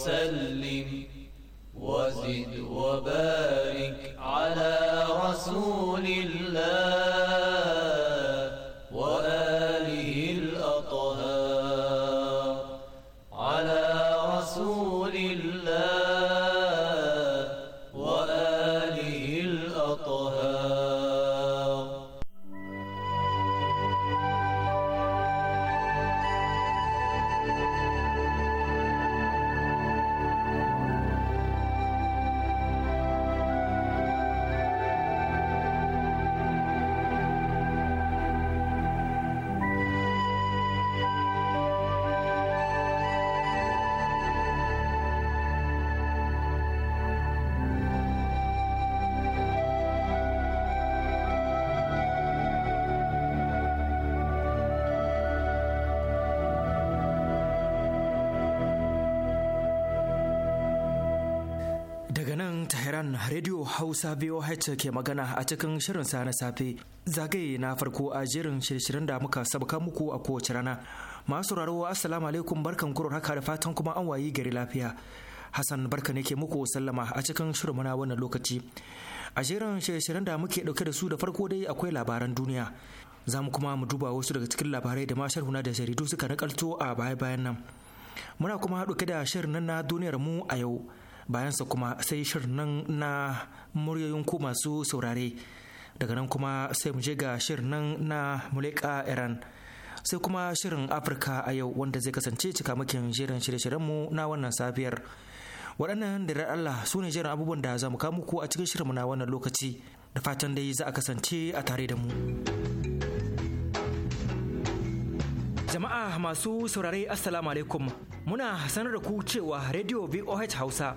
وسلم Radio Hausa VOH ke magana a cikin shirin sa na safe zagaye na farko a jerin shirye-shiryen da muka sabaka muku a kowace rana. Masu sauraro Assalamu alaikum barkan kuro haka da fatan kuma an wayi gari lafiya. Hassan barka ne ke muku sallama a cikin shirin muna wannan lokaci. A jerin shirye da muke dauke da su da farko dai akwai labaran duniya. Za mu kuma mu duba wasu daga cikin labarai da ma sharhuna da jaridu suka nakalto a baya-bayan nan. Muna kuma haɗu da shirin nan na duniyar mu a yau. bayansa kuma sai shirin nan na muryoyin ku masu saurare daga nan kuma sai mu je ga shirin nan na muleka iran sai kuma shirin afirka a yau wanda zai kasance cikamakin jerin shirye-shiryenmu na wannan safiyar waɗannan da Allah su ne jerin abubuwan da za mu kamu ku a cikin shirinmu na wannan lokaci da fatan dai za a kasance a tare da mu jama'a masu saurare assalamu alaikum muna sanar da ku cewa radio voh hausa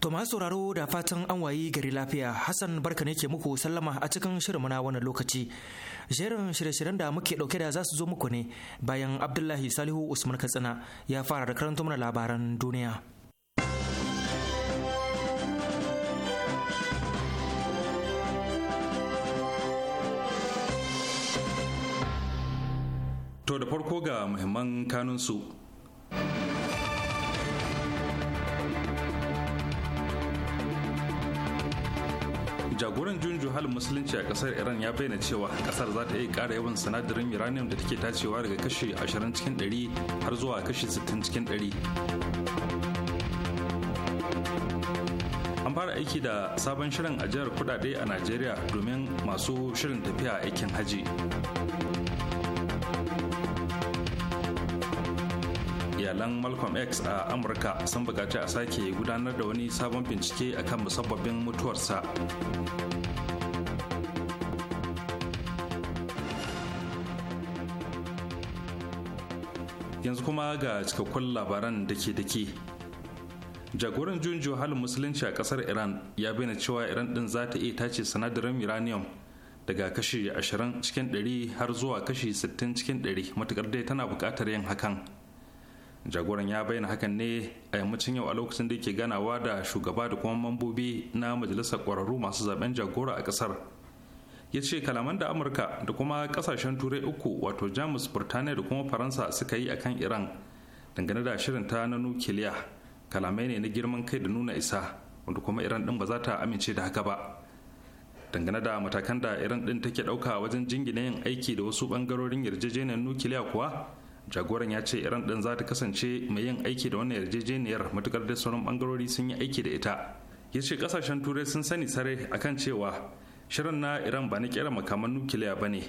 To masu sauraro da fatan an wayi gari lafiya Hassan barka ne ke muku sallama a cikin shirin na wannan lokaci. Jerin shirye-shiryen da muke dauke da za su zo muku ne bayan Abdullahi Salihu Usman Katsina ya fara da karanta mana labaran duniya. To da farko ga muhimman kanunsu. jagoran junju halin musulunci a kasar iran ya bayyana cewa kasar za ta iya kara yawan sinadarin uranium da take tacewa daga kashi 20 cikin 100 har zuwa kashi 60 cikin 100 an fara aiki da sabon shirin ajiyar kudade a najeriya domin masu shirin tafiya aikin haji iyalan malcolm x a amurka sun bukaci a sake gudanar da wani sabon bincike akan musabbabin mutuwarsa yanzu kuma ga cikakkun labaran da ke dake jagoran junjo halin musulunci a kasar iran ya bayyana cewa iran din za ta iya tace sinadarin uranium daga kashi 20 cikin 100 har zuwa kashi 60 cikin 100 matukar dai tana bukatar yin hakan jagoran ya bayyana hakan ne a yammacin yau a lokacin da yake ganawa da shugaba da kuma mambobi na majalisar kwararru masu zaben jagora a kasar ya ce kalaman da amurka da kuma kasashen turai uku wato jamus burtaniya da kuma faransa suka yi akan iran dangane da shirin ta na nukiliya kalamai ne na girman kai da nuna isa wanda kuma iran din ba za ta amince da haka ba dangane da matakan da iran din take dauka wajen jingine yin aiki da wasu bangarorin yarjejeniyar nukiliya kuwa jagoran ya ce iran din za ta kasance mai yin aiki da wannan yarjejeniyar matukar da sauran bangarori sun yi aiki da ita ya ce kasashen turai sun sani sare akan cewa shirin na iran ba na kera makaman nukiliya ba ne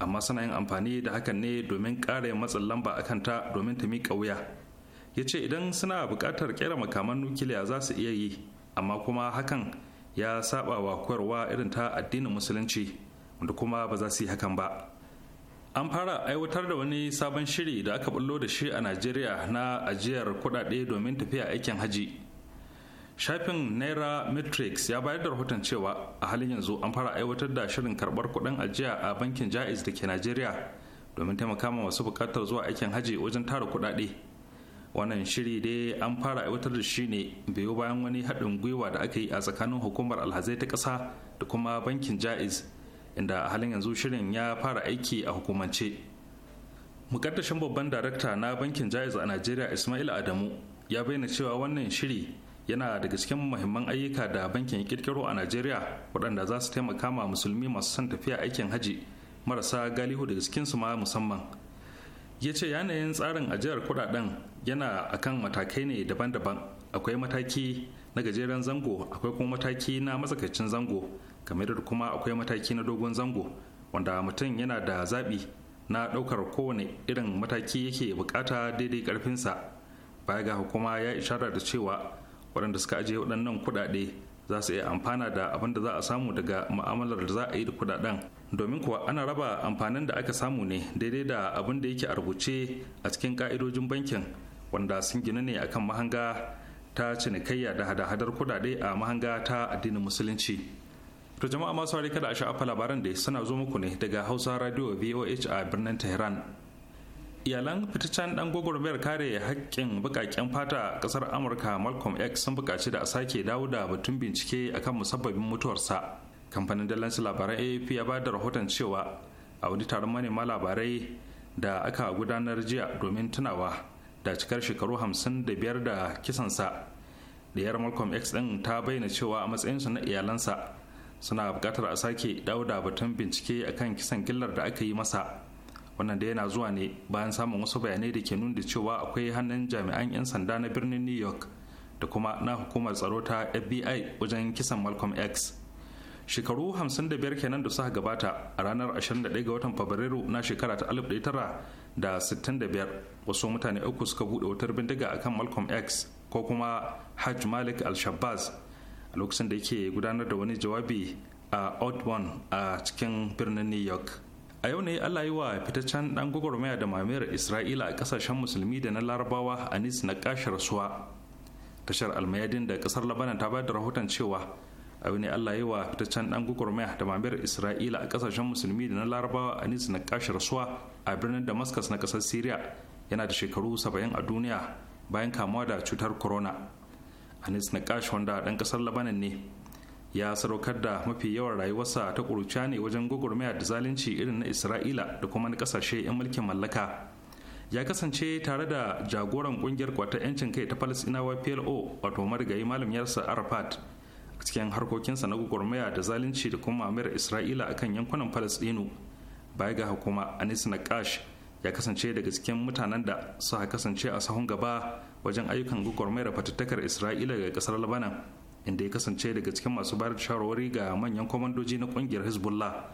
amma suna yin amfani da hakan ne domin kare matsin lamba akan ta domin ta miƙa wuya ya ce idan suna buƙatar kera makaman nukiliya za su iya yi amma kuma hakan ya saba wa koyarwa irin ta addinin musulunci wanda kuma ba za su yi hakan ba an fara aiwatar da wani sabon shiri da aka bullo da shi a najeriya na ajiyar kudade domin tafiya aikin haji shafin naira matrix ya bayar da rahoton cewa a halin yanzu an fara aiwatar da shirin karbar kudin ajiya a bankin jaiz da ke najeriya domin taimaka ma masu bukatar zuwa aikin haji wajen tara kudade wannan shiri dai an fara aiwatar da shi ne biyo bayan wani haɗin gwiwa da aka yi a tsakanin hukumar alhazai ta ƙasa da kuma bankin jaiz inda a halin yanzu shirin ya fara aiki a hukumance mukaddashin babban darakta na bankin jaiz a najeriya ismail adamu ya bayyana cewa wannan shiri yana daga cikin muhimman ayyuka da bankin ya kirkiro a najeriya waɗanda za su taimaka ma musulmi masu son tafiya aikin haji marasa galihu daga cikin su ma musamman ya ce yanayin tsarin ajiyar kuɗaɗen yana akan matakai ne daban-daban akwai mataki na gajeren zango akwai kuma mataki na matsakaicin zango game da kuma akwai mataki na dogon zango wanda mutum yana da zaɓi na ɗaukar kowane irin mataki yake bukata daidai karfinsa baya ga hukuma ya ishara da cewa waɗanda suka ajiye waɗannan kuɗaɗe za su iya amfana da abin da za a samu daga mu'amalar da za a yi da kuɗaɗen domin kuwa ana raba amfanin da aka samu ne daidai da abin da yake a rubuce a cikin ƙa'idojin bankin wanda sun gina ne akan mahanga ta cinikayya da hada-hadar kuɗaɗe a mahanga ta addinin musulunci. To jama'a masu harika da sha'afa labaran da suna zo muku ne daga Hausa Radio VOH a birnin Tehran. Iyalan fitaccen dan gwagwarmayar kare haƙƙin bukaken fata a ƙasar Amurka Malcolm X sun buƙaci da a sake dawo da batun bincike akan musabbabin mutuwarsa. Kamfanin dalancin labaran AAP ya ba da rahoton cewa a wani taron manema labarai da aka gudanar jiya domin tunawa da cikar shekaru hamsin da biyar da kisansa. Diyar Malcolm X ɗin ta bayyana cewa a matsayinsu na iyalansa suna bukatar a sake dawo da batun bincike a kan kisan gillar da aka yi masa wannan da yana zuwa ne bayan samun wasu bayanai da ke nuna cewa akwai hannun jami'an 'yan sanda na birnin new york da kuma na hukumar tsaro ta fbi wajen kisan malcolm x shekaru 55 kenan da suka gabata a ranar 21 ga watan fabrairu na shekara ta 1965 wasu mutane uku suka bude wutar bindiga akan malcolm x ko kuma hajj malik al-shabazz a lokacin da yake gudanar da wani jawabi a one a cikin birnin New York. A yau ne Allah yi wa fitaccen ɗan gwagwarmaya da mamayar Isra'ila a ƙasashen musulmi da na larabawa a Nis na ƙashar suwa. Tashar almayadin da ƙasar Labanan ta bayar da rahoton cewa a yau ne Allah yi wa fitaccen ɗan gwagwarmaya da mamayar Isra'ila a ƙasashen musulmi da na larabawa a Nis na ƙashar suwa a birnin Damascus na ƙasar Syria yana da shekaru saba'in a duniya bayan kamuwa da cutar corona. anis nakash wanda dan kasar labanan ne ya sadaukar da mafi yawan rayuwarsa ta kuruciya ne wajen gwagwarmaya da zalunci irin na isra'ila da kuma na ƙasashe 'yan mulkin mallaka ya kasance tare da jagoran ƙungiyar kwata 'yancin kai ta palestinawa plo wato marigayi malam yarsa arafat a cikin harkokinsa na gwagwarmaya da zalunci da kuma mamayar isra'ila akan yankunan falasɗinu baya ga hukuma anis nakash ya kasance daga cikin mutanen da suka kasance a sahun gaba wajen ayyukan gwagwarmayar fatattakar isra'ila ga kasar labanan inda ya kasance daga cikin masu bayar da shawarwari ga manyan kwamandoji na kungiyar hezbollah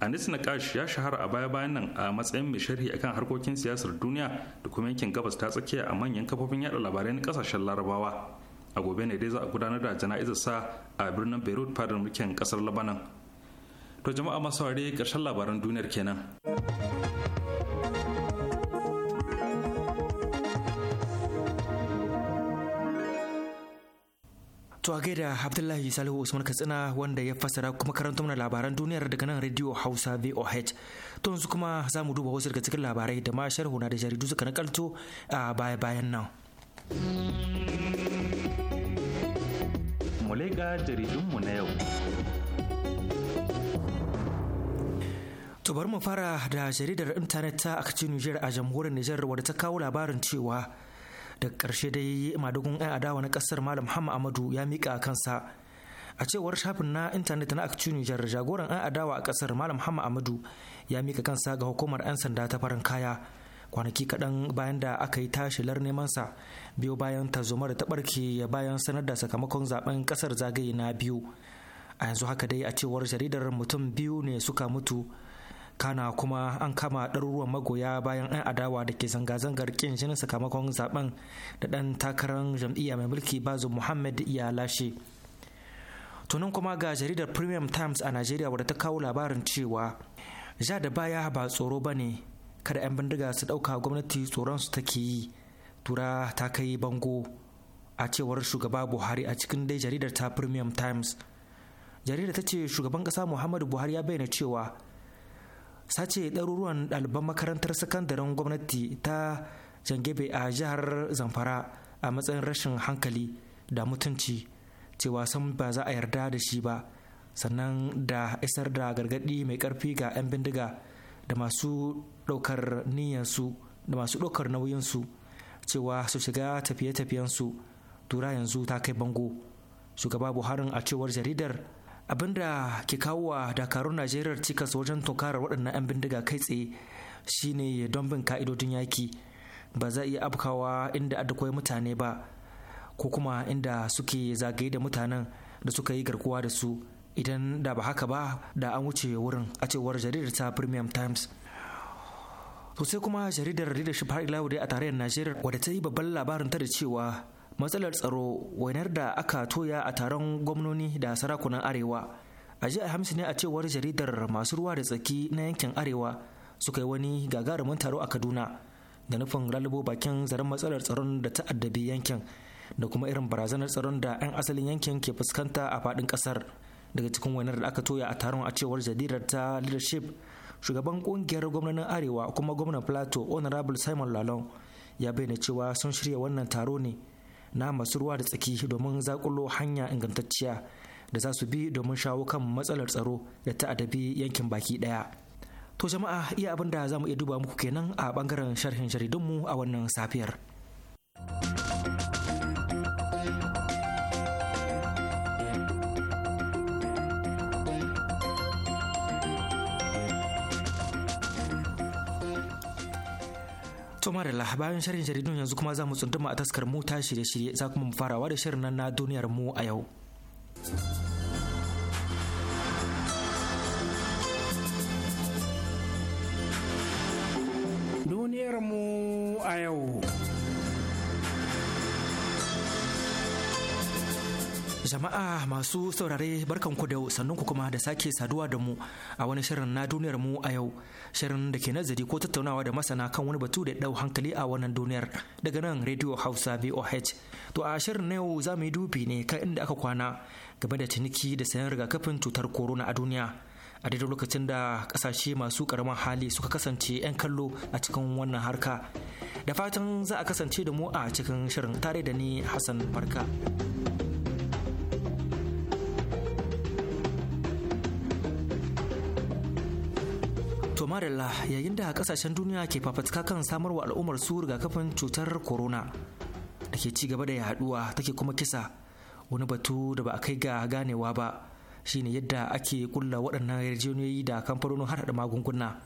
anis nakash ya shahara a baya bayan nan a matsayin mai sharhi akan harkokin siyasar duniya da kuma yankin gabas ta tsakiya a manyan kafofin yada labarai na kasashen larabawa a gobe ne dai za a gudanar da jana'izar sa a birnin beirut fadar mulkin kasar labanan to jama'a masu ware karshen labaran duniyar kenan To a gaida Abdullahi Salihu Usman Katsina wanda ya fassara kuma karanta mana labaran duniyar daga nan Radio Hausa VOH. To yanzu kuma za mu duba wasu daga cikin labarai da ma na da jaridu suka nakalto a baya-bayan nan. Mulega jaridunmu na yau. To bari mu fara da jaridar intanet ta Akci Niger a jamhuriyar Nijar wadda ta kawo labarin cewa da ƙarshe dai madugun 'yan adawa na ƙasar malam muhammad amadu ya miƙa kansa a cewar shafin na intanet na akcu nijar jagoran 'yan adawa a ƙasar malam muhammad amadu ya mika kansa ga hukumar 'yan sanda ta farin kaya kwanaki kaɗan bayan da aka yi tashilar sa biyu bayan tarzoma da ta ɓarke bayan sanar da sakamakon zaben ƙasar zagaye na biyu a yanzu haka dai a cewar jaridar mutum biyu ne suka mutu kana kuma an kama ɗaruruwan magoya bayan 'yan adawa da ke zanga-zangar kin jinin sakamakon zaben da ɗan takarar jam'iyya mai mulki bazu muhammad ya lashe tunan kuma ga jaridar premium times a nigeria wadda ta kawo labarin cewa ja da baya ba tsoro ba ne kada 'yan bindiga su ɗauka gwamnati tsoron su take yi tura ta kai bango a cewar shugaba buhari a cikin dai jaridar ta premium times jaridar ta ce shugaban ƙasa muhammadu buhari ya bayyana cewa sace ɗaruruwan ɗaliban makarantar sakandaren gwamnati ta jangebe a jihar zamfara a matsayin rashin hankali da mutunci cewa sun ba za a yarda da shi ba sannan da isar da gargaɗi mai ƙarfi ga 'yan bindiga da masu ɗaukar niyyansu da masu ɗaukar nauyinsu cewa su shiga tafiye-tafiyensu tura yanzu ta kai bango shugaba buharin a cewar jaridar Abin da ke kawo wa dakarun najeriya cikas wajen tokarar waɗannan 'yan bindiga kai tsaye shine don bin ka'idodin yaki ba za iya abkawa inda adakwai mutane ba ko kuma inda suke zagaye da mutanen da suka yi garkuwa da su idan da ba haka ba da an wuce wurin a cewar jaridar ta premium times sosai kuma jaridar leadership har ila a tarayyar najeriya wadda ta yi babban labarin ta da cewa matsalar tsaro wainar da aka toya a taron gwamnoni da sarakunan arewa a jiya ne a cewar jaridar masu ruwa da tsaki na yankin arewa suka yi wani gagarumin taro a kaduna da nufin lalubo bakin zaren matsalar tsaron da ta addabi yankin da kuma irin barazanar tsaron da 'yan asalin yankin ke fuskanta a faɗin ƙasar daga cikin wainar da aka toya a taron a cewar jaridar ta leadership shugaban kungiyar gwamnanin arewa kuma gwamnan plateau honorable simon lalon ya bayyana cewa sun shirya wannan taro ne na masu ruwa da tsaki domin zakulo hanya ingantacciya da za su bi domin shawo kan matsalar tsaro da ta'adabi yankin baki daya. To jama'a iya abin da za mu iya duba muku kenan a bangaren sharhin jaridunmu a wannan safiyar. To Marilla bayan shirin jaridun yanzu kuma za mu tsunduma a taskar mu ta shirye-shirye za kuma mu farawa da shirin nan na duniyar mu a yau. Duniyar mu a yau. Jama'a masu saurare barkanku da sannunku kuma da sake saduwa da mu a wani shirin na duniyar mu a yau shirin da ke nazari ko tattaunawa da masana kan wani batu da dau hankali a wannan duniyar daga nan Radio Hausa VOH. To a shirin na yau za mu yi dubi ne kan inda aka kwana game da ciniki da sayan rigakafin cutar corona a duniya. a daidai lokacin da kasashe masu karamin hali suka kasance 'yan kallo a cikin wannan harka da fatan za a kasance da mu a cikin shirin tare da ni hassan barka. Marilla yayin da kasashen duniya ke fafatka kan samarwa al'ummar su rigakafin cutar corona da ke ci gaba da yaduwa take kuma kisa wani batu da ba a kai ga ganewa ba shine yadda ake kulla waɗannan yarjejeniyoyi da kamfanonin haɗa magunguna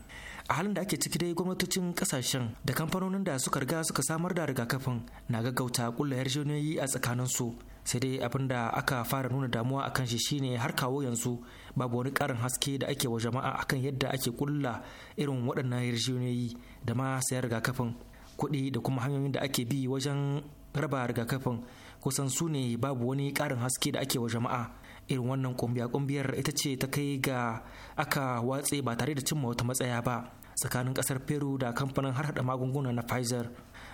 a halin da ake ciki dai gwamnatocin kasashen da kamfanonin da suka riga suka samar da rigakafin na gaggauta kulla yarjejeniyoyi a tsakaninsu sai dai abin da aka fara nuna damuwa akan shi shine har kawo yanzu babu wani karin haske da ake wa jama'a akan yadda ake kulla irin waɗannan yarjejeniyoyi da ma sayar rigakafin kuɗi da kuma hanyoyin da ake bi wajen raba rigakafin kusan su ne babu wani karin haske da ake wa jama'a irin wannan kumbiya-kumbiyar ita ce ta kai ga aka watse ba tare da cimma wata matsaya ba tsakanin kasar peru da kamfanin harhaɗa magunguna na pfizer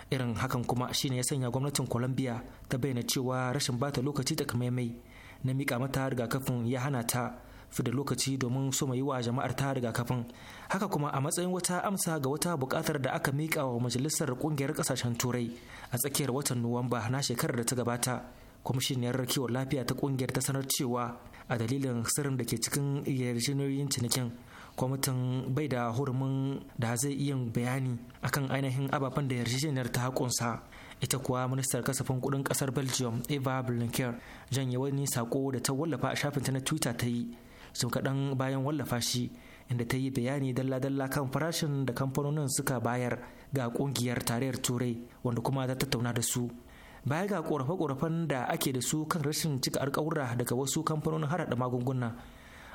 irin hakan kuma shine ya sanya gwamnatin colombia ta bayyana cewa rashin bata lokaci takamaimai na mika mata rigakafin ya hana ta da lokaci domin so yi wa jama'ar ta rigakafin haka kuma a matsayin wata amsa ga wata buƙatar da aka mika wa majalisar ƙungiyar kasashen turai a tsakiyar watan nuwamba na shekarar da ta gabata kwamishiniyar kiwon lafiya ta kungiyar ta sanar cewa a dalilin sirrin da ke cikin yarjejeniyoyin cinikin kwamitin bai da hurumin da zai iya bayani akan ainihin ababen da yarjejeniyar ta hakunsa ita kuwa ministar kasafin kudin kasar belgium eva blinker janye wani sako da ta wallafa a shafinta na twitter ta yi sau kaɗan bayan wallafa shi inda ta yi bayani dalla-dalla kan farashin da kamfanonin suka bayar ga ƙungiyar tarayyar turai wanda kuma ta tattauna da su baya ga korafe-korafen da ake da su kan rashin cika alkawura daga wasu kamfanonin harada magunguna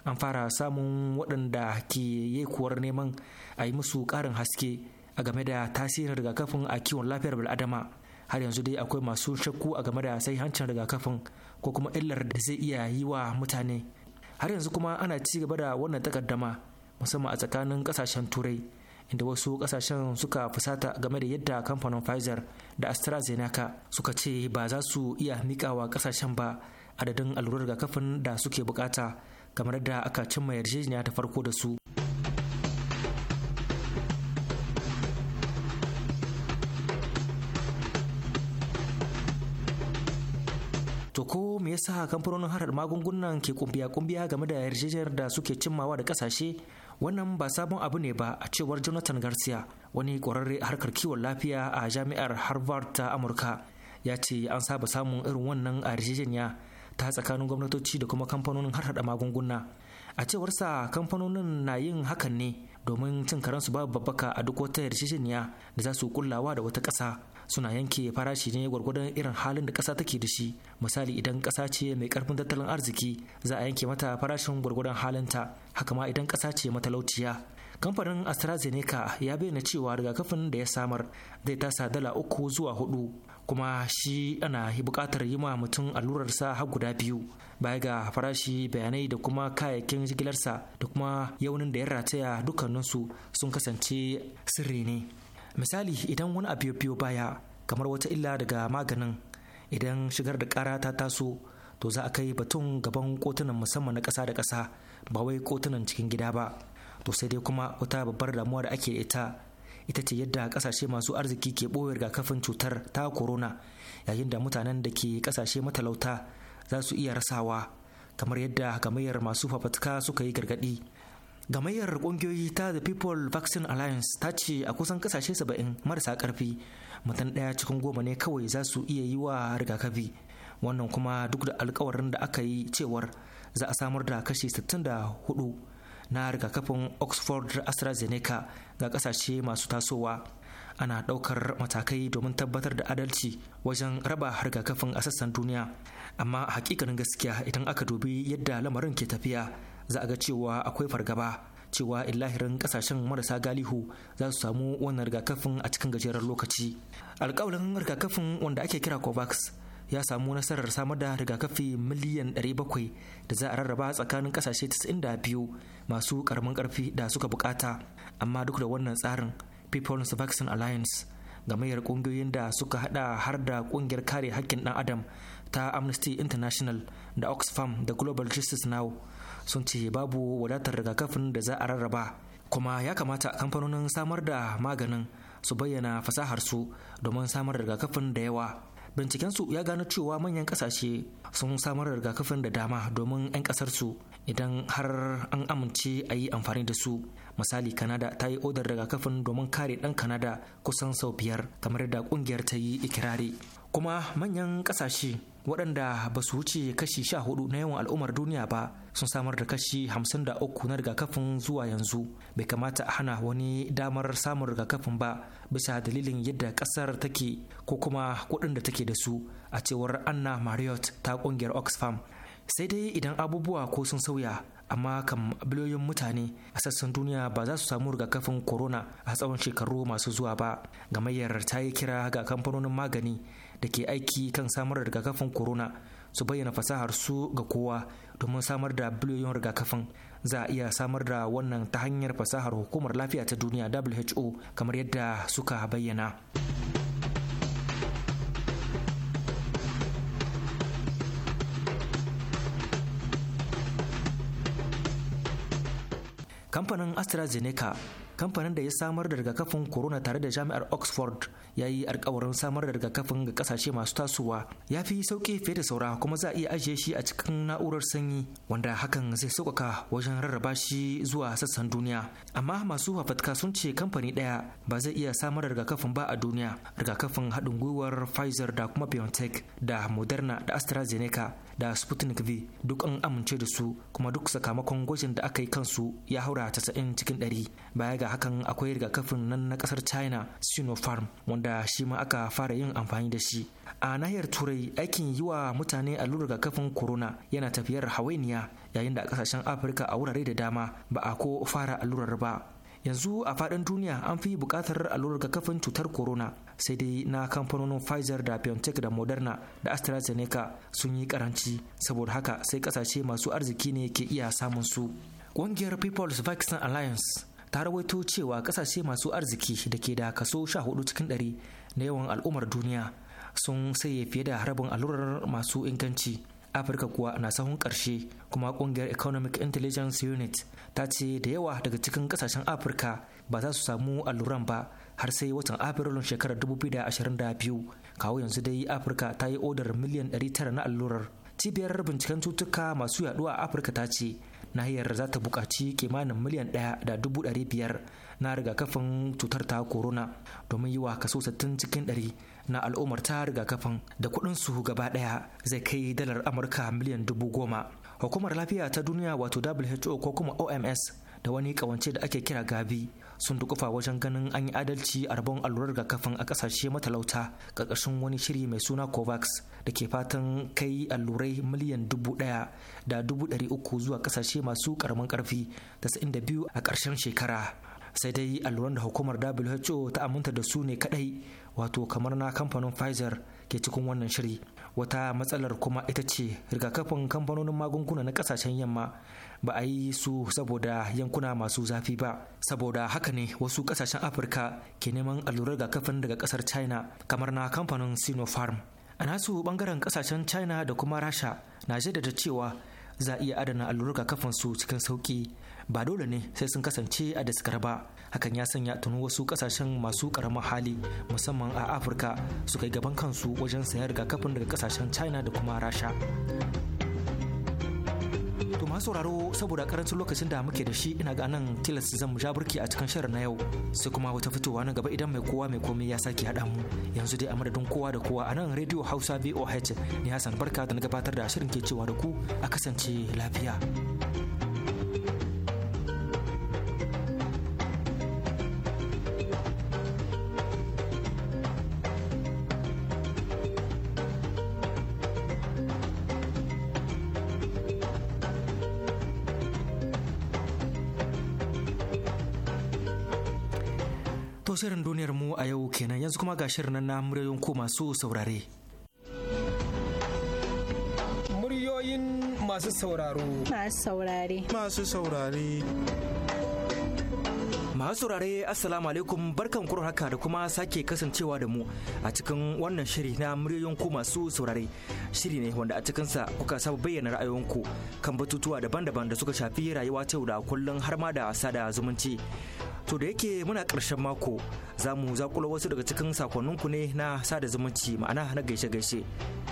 an fara samun waɗanda ke yekuwar neman a yi musu ƙarin haske a game da tasirin rigakafin a kiwon lafiyar bil'adama har yanzu dai akwai masu shakku a game da sahihancin rigakafin ko kuma illar da zai iya yi wa mutane har yanzu kuma ana ci gaba da wannan takaddama musamman a tsakanin kasashen turai inda wasu kasashen suka fusata game da yadda kamfanin pfizer da astrazeneca suka ce ba za su iya mikawa kasashen ba adadin allurar rigakafin da suke bukata kamar da aka cimma yarjejeniya ta farko da su to ko me yasa kamfanonin harar magungunan ke kumbiya-kumbiya game da yarjejeniyar da suke cimmawa da kasashe wannan ba sabon abu ne ba a cewar jonathan garcia wani kwararre a harkar kiwon lafiya a jami'ar harvard ta amurka ya ce an saba samun irin wannan a yarjejeniya ta tsakanin gwamnatoci da kuma kamfanonin har hada magunguna a cewarsa kamfanonin na yin hakan ne domin cin karansu babu babbaka a duk wata yarjejeniya da za su kullawa da wata ƙasa suna yanke farashi ne gwargwadon irin halin da ƙasa take da shi misali idan ƙasa ce mai ƙarfin tattalin arziki za a yanke mata farashin gwargwadon halinta haka ma idan ƙasa ce matalauciya kamfanin astrazeneca ya bayyana cewa rigakafin da ya samar zai tasa dala uku zuwa hudu kuma shi ana buƙatar yi ma mutum allurarsa har guda biyu baya ga farashi bayanai da kuma kayayyakin jigilarsa da kuma yaunin da ya rataya dukkaninsu sun kasance sirri ne misali idan wani abu biyo baya kamar wata illa daga maganin idan shigar da ƙara ta taso to za a kai batun gaban kotunan musamman na ƙasa da ƙasa ba wai kotunan cikin gida ba to sai dai kuma wata babbar damuwa da ake ita ita ce yadda kasashe masu arziki ke ɓoye rigakafin cutar ta corona yayin da mutanen da ke kasashe matalauta za su iya rasawa kamar yadda gamayyar masu fafatka suka yi gargaɗi gamayyar ƙungiyoyi ta the people vaccine alliance ta ce a kusan kasashe saba'in marasa ƙarfi mutum ɗaya cikin goma ne kawai za su iya yi wa rigakafi wannan kuma duk da alkawarin da aka yi cewar za a samar da kashi 64 na rigakafin oxford astrazeneca ga kasashe masu tasowa ana ɗaukar matakai domin tabbatar da adalci wajen raba rigakafin a sassan duniya amma hakikanin gaskiya idan aka dubi yadda lamarin ke tafiya za a ga cewa akwai fargaba cewa illahirin kasashen marasa galihu za su samu wannan rigakafin a cikin gajeren lokaci alkawalin rigakafin wanda ake kira covax ya samu nasarar samar da rigakafi miliyan 700 da za a rarraba tsakanin kasashe 92 masu karamin karfi da suka bukata amma duk da wannan tsarin people's vaccine alliance gamayyar kungiyoyin da suka hada har da kungiyar kare hakkin dan adam ta amnesty international da oxfam da global justice now sun ce babu wadatar rigakafin da za a rarraba kuma ya kamata kamfanonin samar da maganin su bayyana fasaharsu domin samar da rigakafin da yawa bincikensu ya gano cewa manyan kasashe sun samar da rigakafin da dama domin 'yan kasarsu idan har an amince a yi amfani da su misali kanada ta yi odar rigakafin domin kare dan kanada kusan sau biyar kamar da kungiyar ta yi ikirari kuma manyan kasashe waɗanda ba su wuce kashi sha hudu na yawan al'ummar duniya ba sun samar da kashi 53 na rigakafin zuwa yanzu bai kamata a hana wani damar samun rigakafin ba bisa dalilin yadda kasar take ko kuma kuɗin da take da su a cewar anna marriott ta ƙungiyar oxfam sai dai idan abubuwa ko sun sauya amma kam biliyoyin mutane a sassan duniya ba za su samu rigakafin corona a tsawon shekaru masu zuwa ba gamayyar ta yi kira ga kamfanonin magani da ke aiki kan samar rigakafin corona su bayyana fasahar su ga kowa domin samar da biliyoyin rigakafin za a iya samar da wannan ta hanyar fasahar hukumar lafiya ta duniya who kamar yadda suka bayyana kamfanin astrazeneca kamfanin da ya samar da rigakafin corona tare da jami'ar oxford ya yi alkawarin samar da rigakafin ga kasashe masu tasowa ya fi sauki fiye da saura kuma za a iya ajiye shi a cikin na'urar sanyi wanda hakan zai sauƙaƙa wajen rarraba shi zuwa sassan duniya amma masu hafatka sun ce kamfani ɗaya ba zai iya samar da rigakafin ba a duniya rigakafin haɗin gwiwar pfizer da kuma biontech da moderna da astrazeneca da sputnik v duk an amince da su kuma duk sakamakon gwajin da aka yi kansu ya haura 90 cikin 100 baya ga hakan akwai rigakafin nan na kasar china sinopharm wanda shi ma aka fara yin amfani da shi a nahiyar turai aikin yi wa mutane allurar rigakafin corona yana tafiyar hawainiya yayin da a kasashen afirka a wurare da dama ba a ko fara allurar ba yanzu a faɗin duniya an fi buƙatar allurar kafin cutar corona sai dai na kamfanonin pfizer da biontech da moderna da astrazeneca sun yi karanci saboda haka sai ƙasashe masu arziki ne ke iya samun su ƙungiyar people's vaccine alliance ta rawaito cewa kasashe masu arziki da ke da kaso 14 cikin 100 na yawan al'ummar duniya sun saye fiye da rabin allurar masu inganci afirka kuwa na sahun karshe kuma kungiyar economic intelligence unit ta ce da yawa daga cikin kasashen afirka ba za su samu alluran ba har sai watan afirilun shekarar 2022 kawo yanzu dai afirka ta yi odar miliyan 900 na allurar cibiyar binciken cutuka masu yaduwa a afirka ta ce nahiyar za ta buƙaci kimanin miliyan ɗaya da dubu ɗari biyar na rigakafin cutar ta corona domin yi wa kaso 60 cikin ɗari na al'ummar ta rigakafin da kuɗin su gaba ɗaya zai kai dalar amurka miliyan dubu goma hukumar lafiya ta duniya wato who ko kuma oms da wani kawance da ake kira gabi sun dukufa wajen ganin an yi adalci a rabon allurar rigakafin a kasashe matalauta ƙarƙashin wani shiri mai suna covax da ke fatan kai allurai miliyan dubu ɗaya da dubu ɗari uku zuwa kasashe masu ƙaramin ƙarfi da biyu a ƙarshen shekara sai dai alluran da hukumar who ta aminta da su ne kadai wato kamar na kamfanin pfizer ke cikin wannan shiri wata matsalar kuma ita ce rigakafin kamfanonin magunguna na ƙasashen yamma ba a yi su saboda yankuna masu zafi ba saboda haka ne wasu kasashen afirka ke neman allurar rigakafin daga kasar china kamar na kamfanin sinopharm a nasu bangaren kasashen china da kuma rasha na jaddada cewa za iya adana allurar kafin su cikin sauki ba dole ne sai sun kasance a daskar ba hakan ya sanya tuni wasu kasashen masu karamar hali musamman a afirka suka yi gaban kansu wajen sayar sayan kafin daga kasashen china da kuma rasha To masu sauraro saboda karancin lokacin da muke da shi ina ga nan tilas zan mu jaburki a cikin shirin na yau sai kuma wata fitowa na gaba idan mai kowa mai komai ya sake haɗa mu yanzu dai a madadin kowa da kowa a nan rediyo Hausa BOH ni Hassan Barka da na gabatar da shirin ke cewa da ku a kasance lafiya. shirin duniyar mu a yau kenan yanzu kuma ga shirin nan na muryoyin ku masu saurare. Muryoyin masu sauraro. Masu saurare. Masu saurare. masu saurare assalamu alaikum barkan kuro haka da kuma sake kasancewa da mu a cikin wannan shiri na muryoyin ku masu saurare shiri ne wanda a cikinsa kuka saba bayyana ra'ayoyinku kan batutuwa daban-daban da suka shafi rayuwa ta yau da kullum har ma da sada zumunci To da yake muna ƙarshen mako za mu zakula wasu daga cikin sakonninku ne na sada zumunci ma'ana na gaishe-gaishe.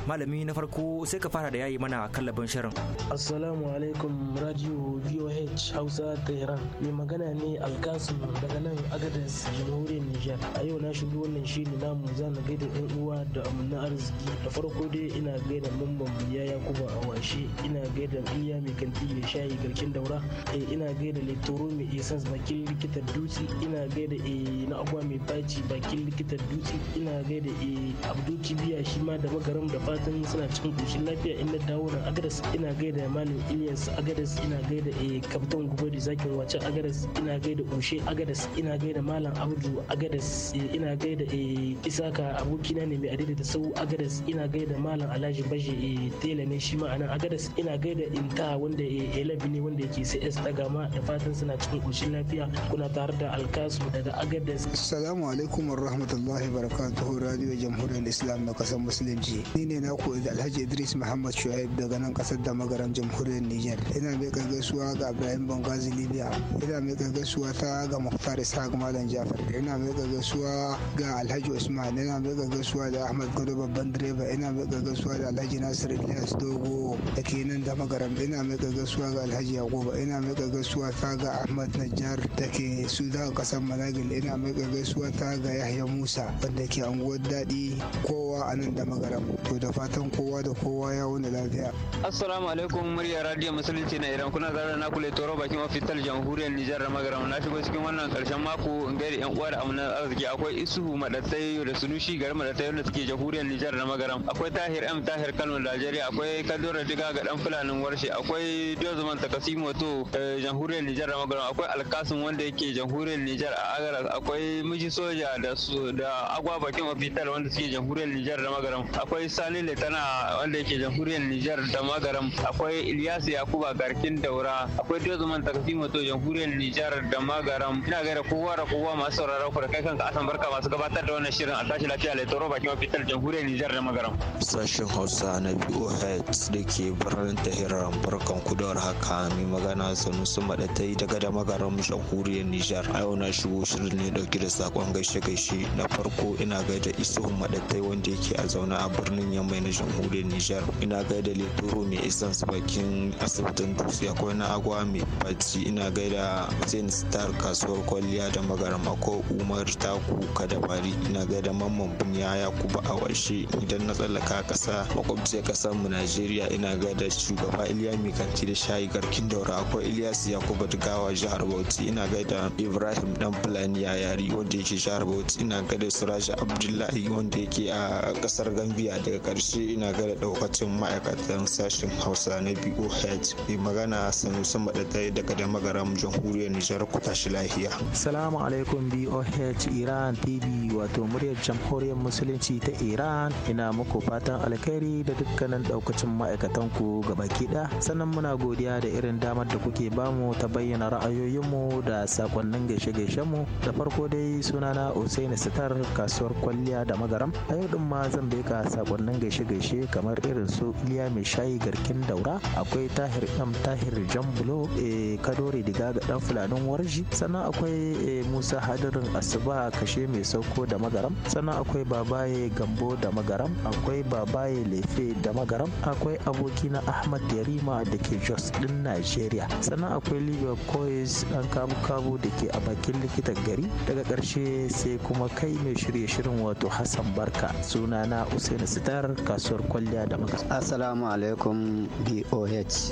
Malami na farko sai ka fara da yayi mana kallabin shirin. Assalamu alaikum Radio VOH Hausa Tehran. Mai magana ne Alkasum daga nan agadas Jamhuriyar Nijar. A yau na shigo wannan shiri namu za na gaida 'yan uwa da na arziki. Da farko dai ina gaida mamban ya kuma a washe, ina gaida iya mai kanti mai shayi garkin daura, eh, ina gaida litoro mai isans bakin likitan dutse ina gaida e na abuwa mai baci bakin likita dutse ina gaida e eh, abdu kibiya shi ma da magaram da fatan suna cikin koshin lafiya in na dawo nan agadas ina gaida malam ilyas agadas ina gaida e kaftan gubadi zakin wace agadas ina gaida ushe agadas ina gaida malam abdu agadas ina gaida e isaka abokina ne mai adadi da sau agadas ina gaida malam alhaji baje e tela ne shi ma anan agadas ina gaida inta wanda e labi ne wanda yake cs daga ma da fatan suna cikin koshin lafiya kuna tare har da alkasu daga agadez assalamu alaikum wa rahmatullahi wa barakatuhu radio jamhuriyar islam na kasar musulunci ni ne na koyi alhaji idris muhammad shuaib daga nan kasar da magaran jamhuriyar niger ina mai gaisuwa ga ibrahim bangazi libya ina mai gaisuwa ta ga muhtar ishaq malam jafar ina mai gaisuwa ga alhaji usman ina mai gaisuwa da ahmad gado babban direba ina mai gaisuwa da alhaji nasir ilyas dogo da ke nan da magaran ina mai gaisuwa ga alhaji yakuba ina mai gaisuwa ta ga ahmad najjar da ke su daga kasar managil ina mai gaisuwa ta ga yahya musa wanda ke anguwar daɗi kowa a nan da magaram to da fatan kowa da kowa ya wani lafiya assalamu alaikum murya radio musulunci na iran kuna zarar na kule toro bakin ofital jamhuriyar nijar da magaram na shigo cikin wannan karshen mako in gaida yan uwa da amina arziki akwai isuhu madatsai da sunushi garin madatsai wanda suke jamhuriyar nijar da magaram akwai tahir m tahir kano najeriya akwai kaduna diga ga dan fulanin warshe akwai dozuman takasimoto eh, jamhuriyar nijar da magaram akwai alkasun wanda yake jamhuriyar jamhuriyar Nijar a Agaras akwai miji soja da su da agwa bakin ofital wanda suke jamhuriyar Nijar da magaram akwai Sani Letana wanda yake jamhuriyar Nijar da magaram akwai Ilyas Yakuba Garkin Daura akwai Dozman takafi Moto jamhuriyar Nijar da magaram ina gaida kowa da kowa masu sauraro ku da kai kanka asan barka masu gabatar da wannan shirin a tashi lafiya Letoro bakin ofital jamhuriyar Nijar da magaram sashen Hausa na BOH da ke birnin Tehran barkan ku da haka mai magana Sanusi Madatai daga da magaram jamhuriyar Nijar biyar a yau na shigo shirin ne dauke da sakon gaishe gaishe na farko ina gaida isuhu madattai wanda yake a zaune a birnin yamma na jamhuriyar nijar ina gaida leturo mai isan bakin asibitin dutse akwai na agwa mai bacci ina gaida hussein star kasuwar kwalliya da magaram akwai umar taku kadabari ina gaida mamman bunya yakuba a washe idan na tsallaka kasa makwabciyar kasar mu najeriya ina gaida shugaba iliya mai kanti da shayi garkin daura akwai ilyas yakuba dagawa jihar bauchi ina gaida ibrahim dan fulani a yari wanda yake jihar bauchi ina gada suraji abdullahi wanda yake a ƙasar gambia daga karshe ina gada daukacin ma'aikatan sashen hausa na boh mai magana da madatai daga da magaram jamhuriyar nijar tashi lahiya salamu alaikum boh iran tv wato muryar jamhuriyar musulunci ta iran ina muku fatan alkhairi da dukkanin daukacin ma'aikatan ku gabaki ɗaya sannan muna godiya da irin damar da kuke bamu ta bayyana ra'ayoyinmu da sakon wannan gaishe-gaishen mu da farko dai sunana Usaini Sitar kasuwar kwalliya da magaram a yau din ma zan beka sakonnin gaishe-gaishe kamar irin su Iliya mai shayi garkin daura akwai Tahir M Tahir Jambulo e eh, Kadore diga ga dan fulanin warji sannan akwai eh, Musa Hadirin Asuba kashe mai sauko da magaram sannan akwai Babaye Gambo da magaram akwai Babaye Lefe da magaram akwai aboki na Ahmad Yarima da ke Jos din Najeriya sannan akwai Libya Koyes dan kabu-kabu da ke a bakin likitan gari daga ƙarshe sai kuma kai mai shirye shirin wato hassan barka sunana usaini sitar kasuwar kwalliya da maka assalamu alaikum boh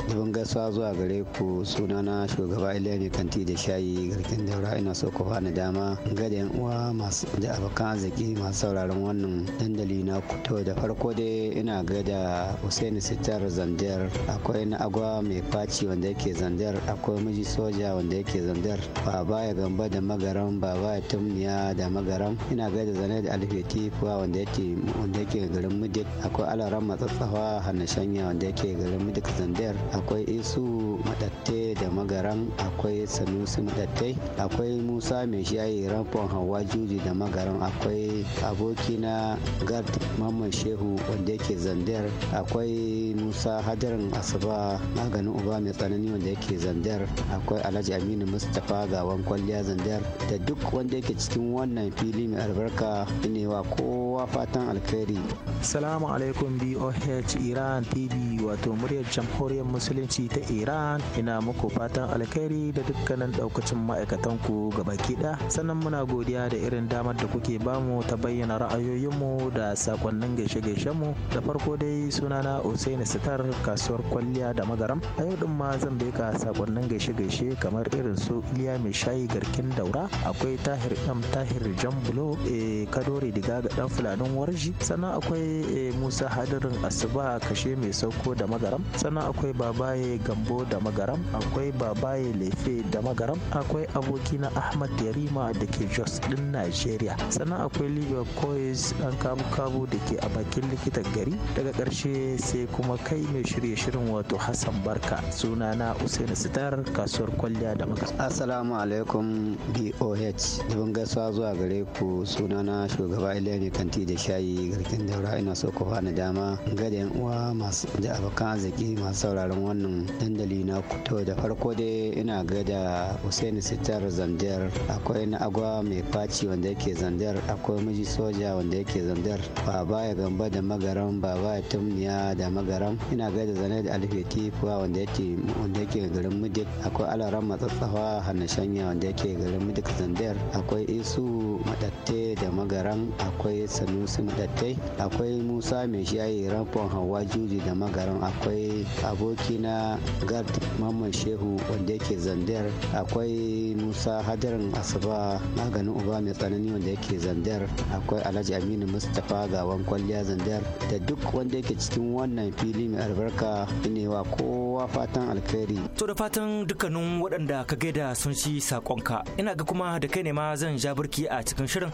dubin gaisuwa zuwa gare ku sunana shugaba iliya mai kanti da shayi garkin daura ina so ku bani dama gada yan uwa masu da abokan arziki masu sauraron wannan dandali na kuto da farko dai ina ga da usaini sitar zandiyar akwai na agwa mai faci wanda yake zandiyar akwai miji soja wanda yake zandiyar baba baya gamba da magaran baba ya tumniya da magaran ina gaida zane da alfeti kuwa wanda yake wanda yake garin mudik akwai alaran matsatsawa hannu shanya wanda yake garin mudik zandar akwai isu madatte da magaran akwai sanusi madatte akwai musa mai shayi rafon hawa juji da magaran akwai abokina gard mamman shehu wanda yake zandar akwai musa hadarin asuba maganin uba mai tsanani wanda yake zandar akwai alhaji aminu mustapha gawan kwalliya zandar da duk wanda yake cikin wannan fili mai albarka inewa ko kowa fatan alkhairi salamu alaikum boh iran tv wato muryar jamhuriyar musulunci ta iran ina muku fatan alkhairi da dukkanin daukacin ma'aikatan ku ga gabaki ɗaya sannan muna godiya da irin damar da kuke bamu ta bayyana ra'ayoyinmu da sakonnin gaishe mu da farko dai sunana usaini sitar kasuwar kwalliya da magaram a yau din ma zan bai ka sakonnin gaishe-gaishe kamar irin su iliya mai shayi garkin daura akwai tahir ɗan tahir jambulo eh, Kadori diga ga ɗan Galadon Warji sannan akwai eh, Musa Hadirin Asuba Kashe Mai Sauko da Magaram sannan akwai Babaye Gambo da Magaram akwai Babaye Lefe da Magaram akwai abokina Ahmad Yarima da ke Jos din Najeriya sannan akwai Libya Koyes dan kabu-kabu da ke a bakin likitan gari daga karshe sai kuma kai mai shirye shirin wato Hassan Barka sunana Usaini Sitar kasuwar kwalliya da Magaram. Assalamu alaikum BOH. Dubin gaisuwa zuwa gare ku sunana shugaba Ilani Kanti tea da shayi garken daura ina so ku fana dama gada yan uwa masu da abokan arziki masu sauraron wannan dandali na kuto da farko dai ina gada Hussein Sitar Zandar akwai na agwa mai faci wanda yake Zandar akwai miji soja wanda yake Zandar ba ya gamba da magaran ba ya tumniya da magaran ina gada zane da alfeti kuwa wanda yake wanda yake garin Mudik akwai alaran matsatsawa hannashanya wanda yake garin Mudik Zandar akwai isu madatte da magaran akwai sanusi dattai akwai musa mai shayi ramfon hawa juji da magaran akwai aboki na gard mamman shehu wanda yake zandar akwai musa hadarin asuba maganin uba mai tsanani wanda yake zandar akwai alhaji aminu mustapha gawan kwalliya zandar da duk wanda yake cikin wannan fili mai albarka inewa ko kowa fatan alkhairi. To da fatan dukkanin waɗanda ka gaida sun ci saƙonka ina ga kuma da kai ne ma zan ja birki a cikin shirin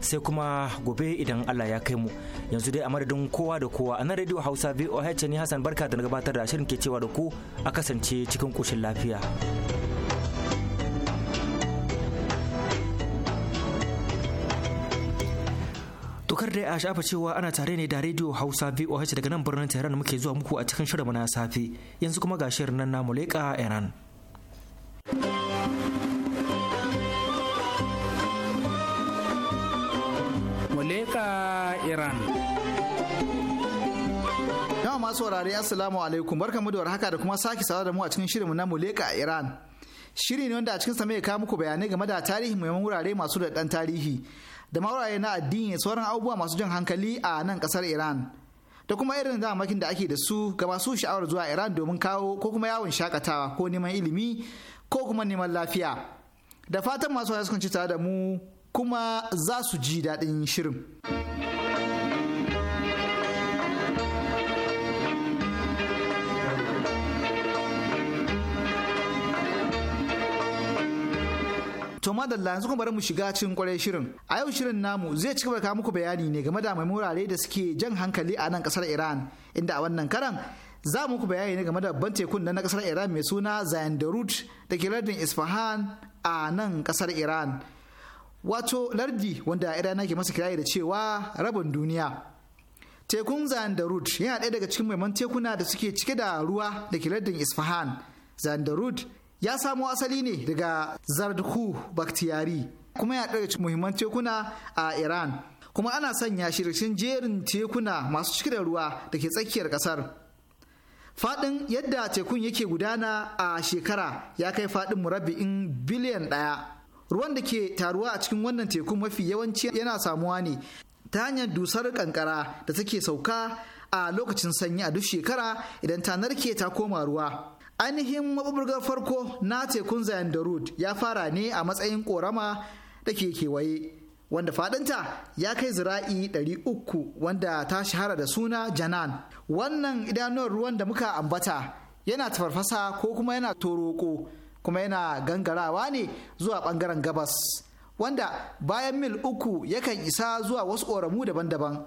sai kuma gobe idan Allah ya kai mu yanzu dai a madadin kowa da kowa a nan radio Hausa VOH ne Hassan barka da na gabatar da shirin ke cewa da ku a kasance cikin koshin lafiya. dai a shafa cewa ana tare ne da radio hausa voh daga nan birnin tehran muke zuwa muku a cikin shirin na safe yanzu kuma ga shirin nan na muleka iran muleka yawan masu wurare assalamu alaikum barkamu da warhaka da kuma sake sawa da mu a cikin shirinmu na muleka iran shiri ne wanda a cikin sa mai kawo muku bayanai game da tarihi muhimman wurare masu da dan tarihi da mauraye na addini sauran abubuwa masu jan hankali a nan kasar iran da kuma irin damakin da ake da su ga masu sha'awar zuwa iran domin kawo ko kuma yawon shakatawa ko neman ilimi ko kuma neman lafiya da fatan masu wasu ci tare da mu kuma za su ji daɗin shirin. To madalla yanzu kuma bari mu shiga cikin kwarai shirin. A yau shirin namu zai ci gaba muku bayani ne game da mai murare da suke jan hankali a nan kasar Iran inda a wannan karan za mu ku bayani ne game da babban tekun na kasar Iran mai suna Zayan Darut da ke lardin Isfahan a nan kasar Iran. Wato lardi wanda Iran ke masa kirayi da cewa rabin duniya. Tekun Zayan Darut yana ɗaya daga cikin maiman tekuna da suke cike da ruwa da ke lardin Isfahan. Zayan Darut ya samo asali ne daga zardhu baktiyari kuma ya daga muhimman tekuna a iran kuma ana sanya shi jerin tekuna masu cike da ruwa da ke tsakiyar kasar faɗin yadda tekun yake gudana a shekara ya kai faɗin murabbi'in biliyan ɗaya ruwan da ke taruwa a cikin wannan tekun mafi yawanci yana samuwa ne ta hanyar dusar kankara da take sauka a lokacin sanyi a duk shekara idan ta narke ta koma ruwa ainihin maɓuɓɓugar farko na tekun zayan darut ya fara ne a matsayin ƙorama da ke kewaye wanda faɗinta ya kai zira'i 300 wanda ta shahara da suna janan wannan idanuwar ruwan da muka ambata yana tafarfasa ko kuma yana toroko kuma yana gangarawa ne zuwa ɓangaren gabas wanda bayan mil uku yakan isa zuwa wasu ƙoramu daban-daban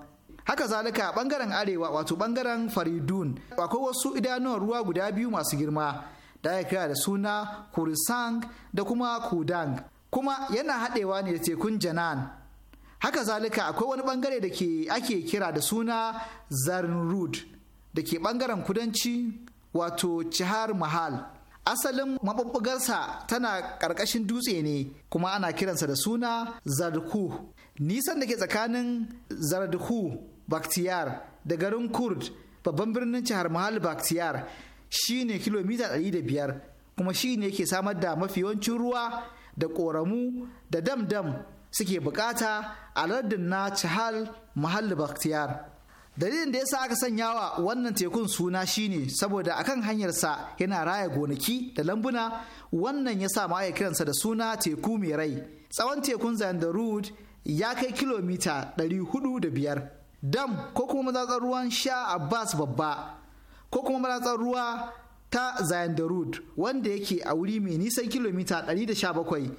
haka zalika a bangaren arewa wato bangaren faridun akwai wasu idanuwan ruwa guda biyu masu girma da ya kira da suna kurisang da kuma kudang kuma yana haɗewa ne da tekun janan haka zalika akwai wani bangare da ke ake kira da suna zarnrud da ke bangaren kudanci wato cihar mahal asalin mabubbugarsa tana ƙarƙashin dutse ne kuma ana kiransa da suna zarku nisan da ke tsakanin zarduhu baktiyar da garin kurd babban birnin jihar mahal baktiyar ne kilomita 500 kuma shi ne ke samar da mafi yawancin ruwa da ƙoramu da dam-dam suke bukata a lardin na Chahal Mahal baktiyar. Dalilin da ya sa aka sanya wa wannan tekun suna shine saboda akan hanyarsa yana raya gonaki da lambuna wannan ya sa ma'aya kiransa da suna teku mai rai. Tsawon tekun Zandarud ya kai kilomita 405 dam ko kuma matsatsar ruwan sha abbas babba ko kuma matsatsar ruwa ta zayan wanda yake a wuri mai nisan kilomita 117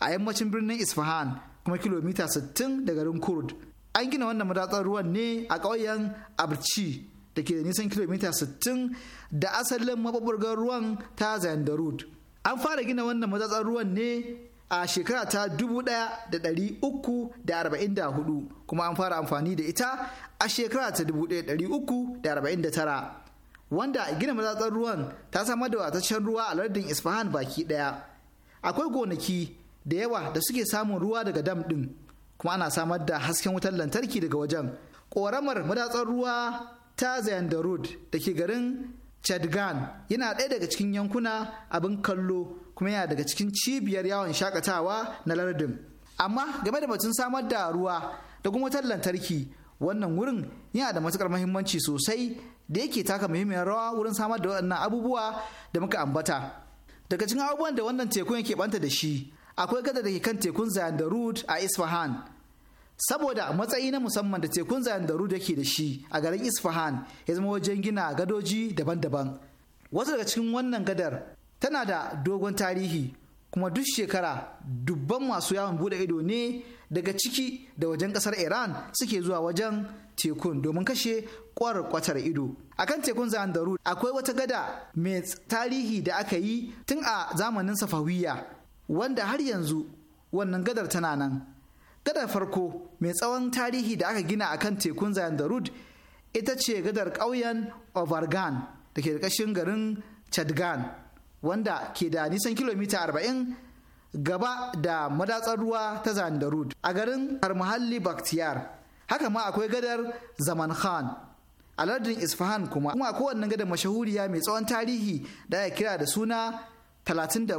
a yammacin birnin isfahan kuma kilomita 60 da garin kurd an gina wannan matsatsar ruwan ne a ƙauyen abci da ke da nisan kilomita 60 da asalin mababurgar ruwan ta zayan an fara gina wannan matsatsar ruwan ne a shekara ta 1344 kuma an fara amfani da ita a shekara ta 1349 wanda gina matsatsar ruwan ta samar da wataccen ruwa a lardin isfahan baki daya akwai gonaki da yawa da suke samun ruwa daga dam din kuma ana samar da hasken wutar lantarki daga wajen ƙoramar madatsar ruwa ta Road da ke garin chadgan yana ɗaya daga cikin yankuna abin kallo kuma yana daga cikin cibiyar yawon shakatawa na lardin amma game da batun samar da ruwa da kuma wutar lantarki wannan wurin yana da matukar mahimmanci sosai da yake taka muhimmiyar rawa wurin samar da waɗannan abubuwa da muka ambata daga cikin abubuwan da wannan tekun yake banta da shi akwai gada da ke kan tekun Zayandarud a Isfahan. Saboda matsayi na musamman da tekun Zayandarud yake da shi a garin Isfahan ya zama wajen gina gadoji daban-daban. Wasu daga cikin wannan gadar tana da dogon tarihi kuma duk shekara dubban masu yawon bude ido ne daga ciki da wajen kasar iran suke zuwa wajen tekun domin kashe kwatar ido A kan tekun zandaru akwai wata gada mai tarihi da aka yi tun a zamanin safawiya wanda har yanzu wannan gadar tana nan gadar farko mai tsawon tarihi da aka gina a kan tekun zandarud ita ce gadar ƙauyen ovargan da ke da ƙashin garin chadgan wanda ke da nisan kilomita 40 gaba da madatsar ruwa ta zandarud a garin harmahalli baktiyar haka ma akwai gadar zaman khan a lardin isfahan kuma kuma akwai wannan gadar mashahuriya mai tsawon tarihi da aka kira da suna 33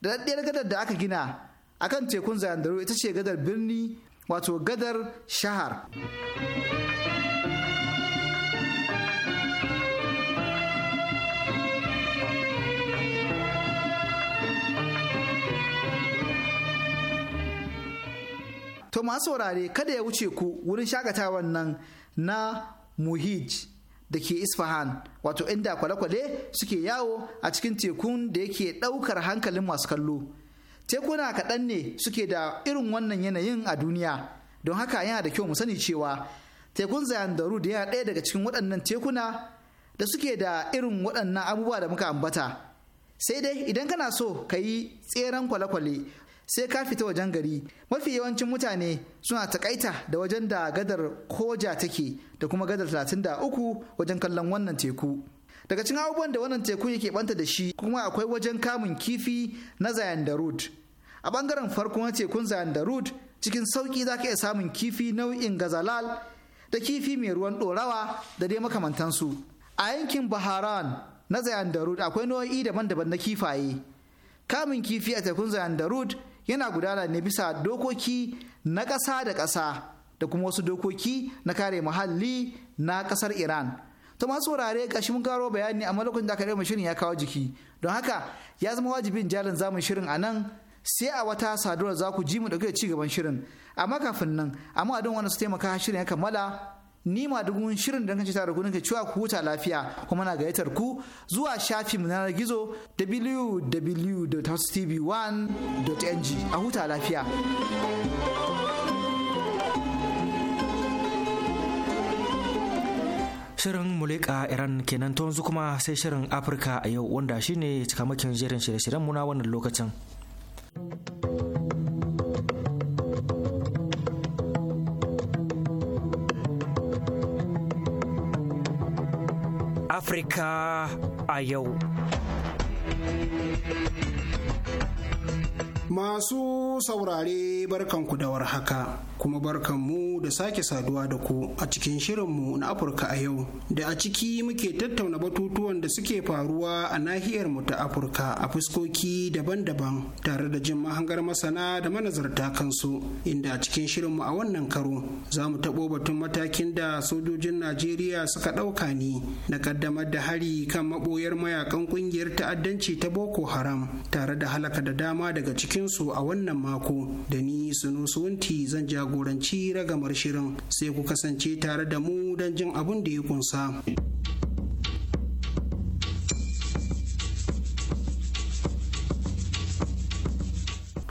da daddiyar gadar da aka gina akan tekun zandarud ita ce gadar birni wato gadar shahar. to masu saurare kada ya wuce ku wurin shakatawa nan na muhij da ke isfahan wato inda kwale-kwale suke yawo a cikin tekun da yake ɗaukar hankalin masu kallo tekuna kaɗan ne suke da irin wannan yanayin a duniya don haka yana da kyau mu sani cewa tekun zayandaru da yana ɗaya daga cikin waɗannan tekuna da suke da irin waɗannan abubuwa da muka ambata sai dai idan kana so ka yi tseren kwale-kwale sai ka fita wajen gari mafi yawancin mutane suna takaita da wajen da gadar koja take da kuma gadar 33 wajen kallon wannan teku daga cikin abubuwan da wannan teku yake banta da shi kuma akwai wajen kamun kifi na zayandarud a bangaren farko na tekun zayan zayandarud cikin sauki za ka iya samun kifi nau'in gazalal da kifi mai ruwan dorawa da dai makamantansu a yankin baharan na zayandarud akwai nau'i daban-daban na kifaye kamun kifi a tekun zayandarud yana gudana ne bisa dokoki na ƙasa da ƙasa da kuma wasu dokoki na kare muhalli na ƙasar iran to masu wurare ƙashi mun karo bayani amma lokacin da aka ɗaya shirin ya kawo jiki don haka ya zama wajibin jalin zamun shirin a nan sai a wata saduwar za ku ji mu ɗauke da ci gaban shirin amma kafin nan amma don wani su taimaka shirin ya kammala ni ma mun shirin da kanci tare nake cewa ku huta lafiya kuma na gayyatar ku zuwa shafi mu na gizo www.tv1.ng a huta lafiya Shirin Muleka Iran kenan ta yanzu kuma sai shirin Afirka a yau wanda shine cikamakin jerin shirye-shiryen muna wannan lokacin. Afirka a yau. Masu saurare barkanku da warhaka kuma barkanmu da sake saduwa da ku a cikin shirin mu na Afirka a yau da a ciki muke tattauna batutuwan da suke faruwa a nahiyar mu ta Afirka a fuskoki daban-daban tare da jin mahangar masana da manazarta kansu inda a cikin shirin mu a wannan karo za mu taɓo batun matakin da sojojin Najeriya suka ɗauka ni, na ƙaddamar da hari kan maɓoyar mayakan ƙungiyar ta'addanci ta Boko Haram tare da halaka da dama daga cikin su a wannan mako da ni Sunu Suwanti zan jagoranci ragamar shirin sai ku kasance tare da mu don jin abin da ya kunsa.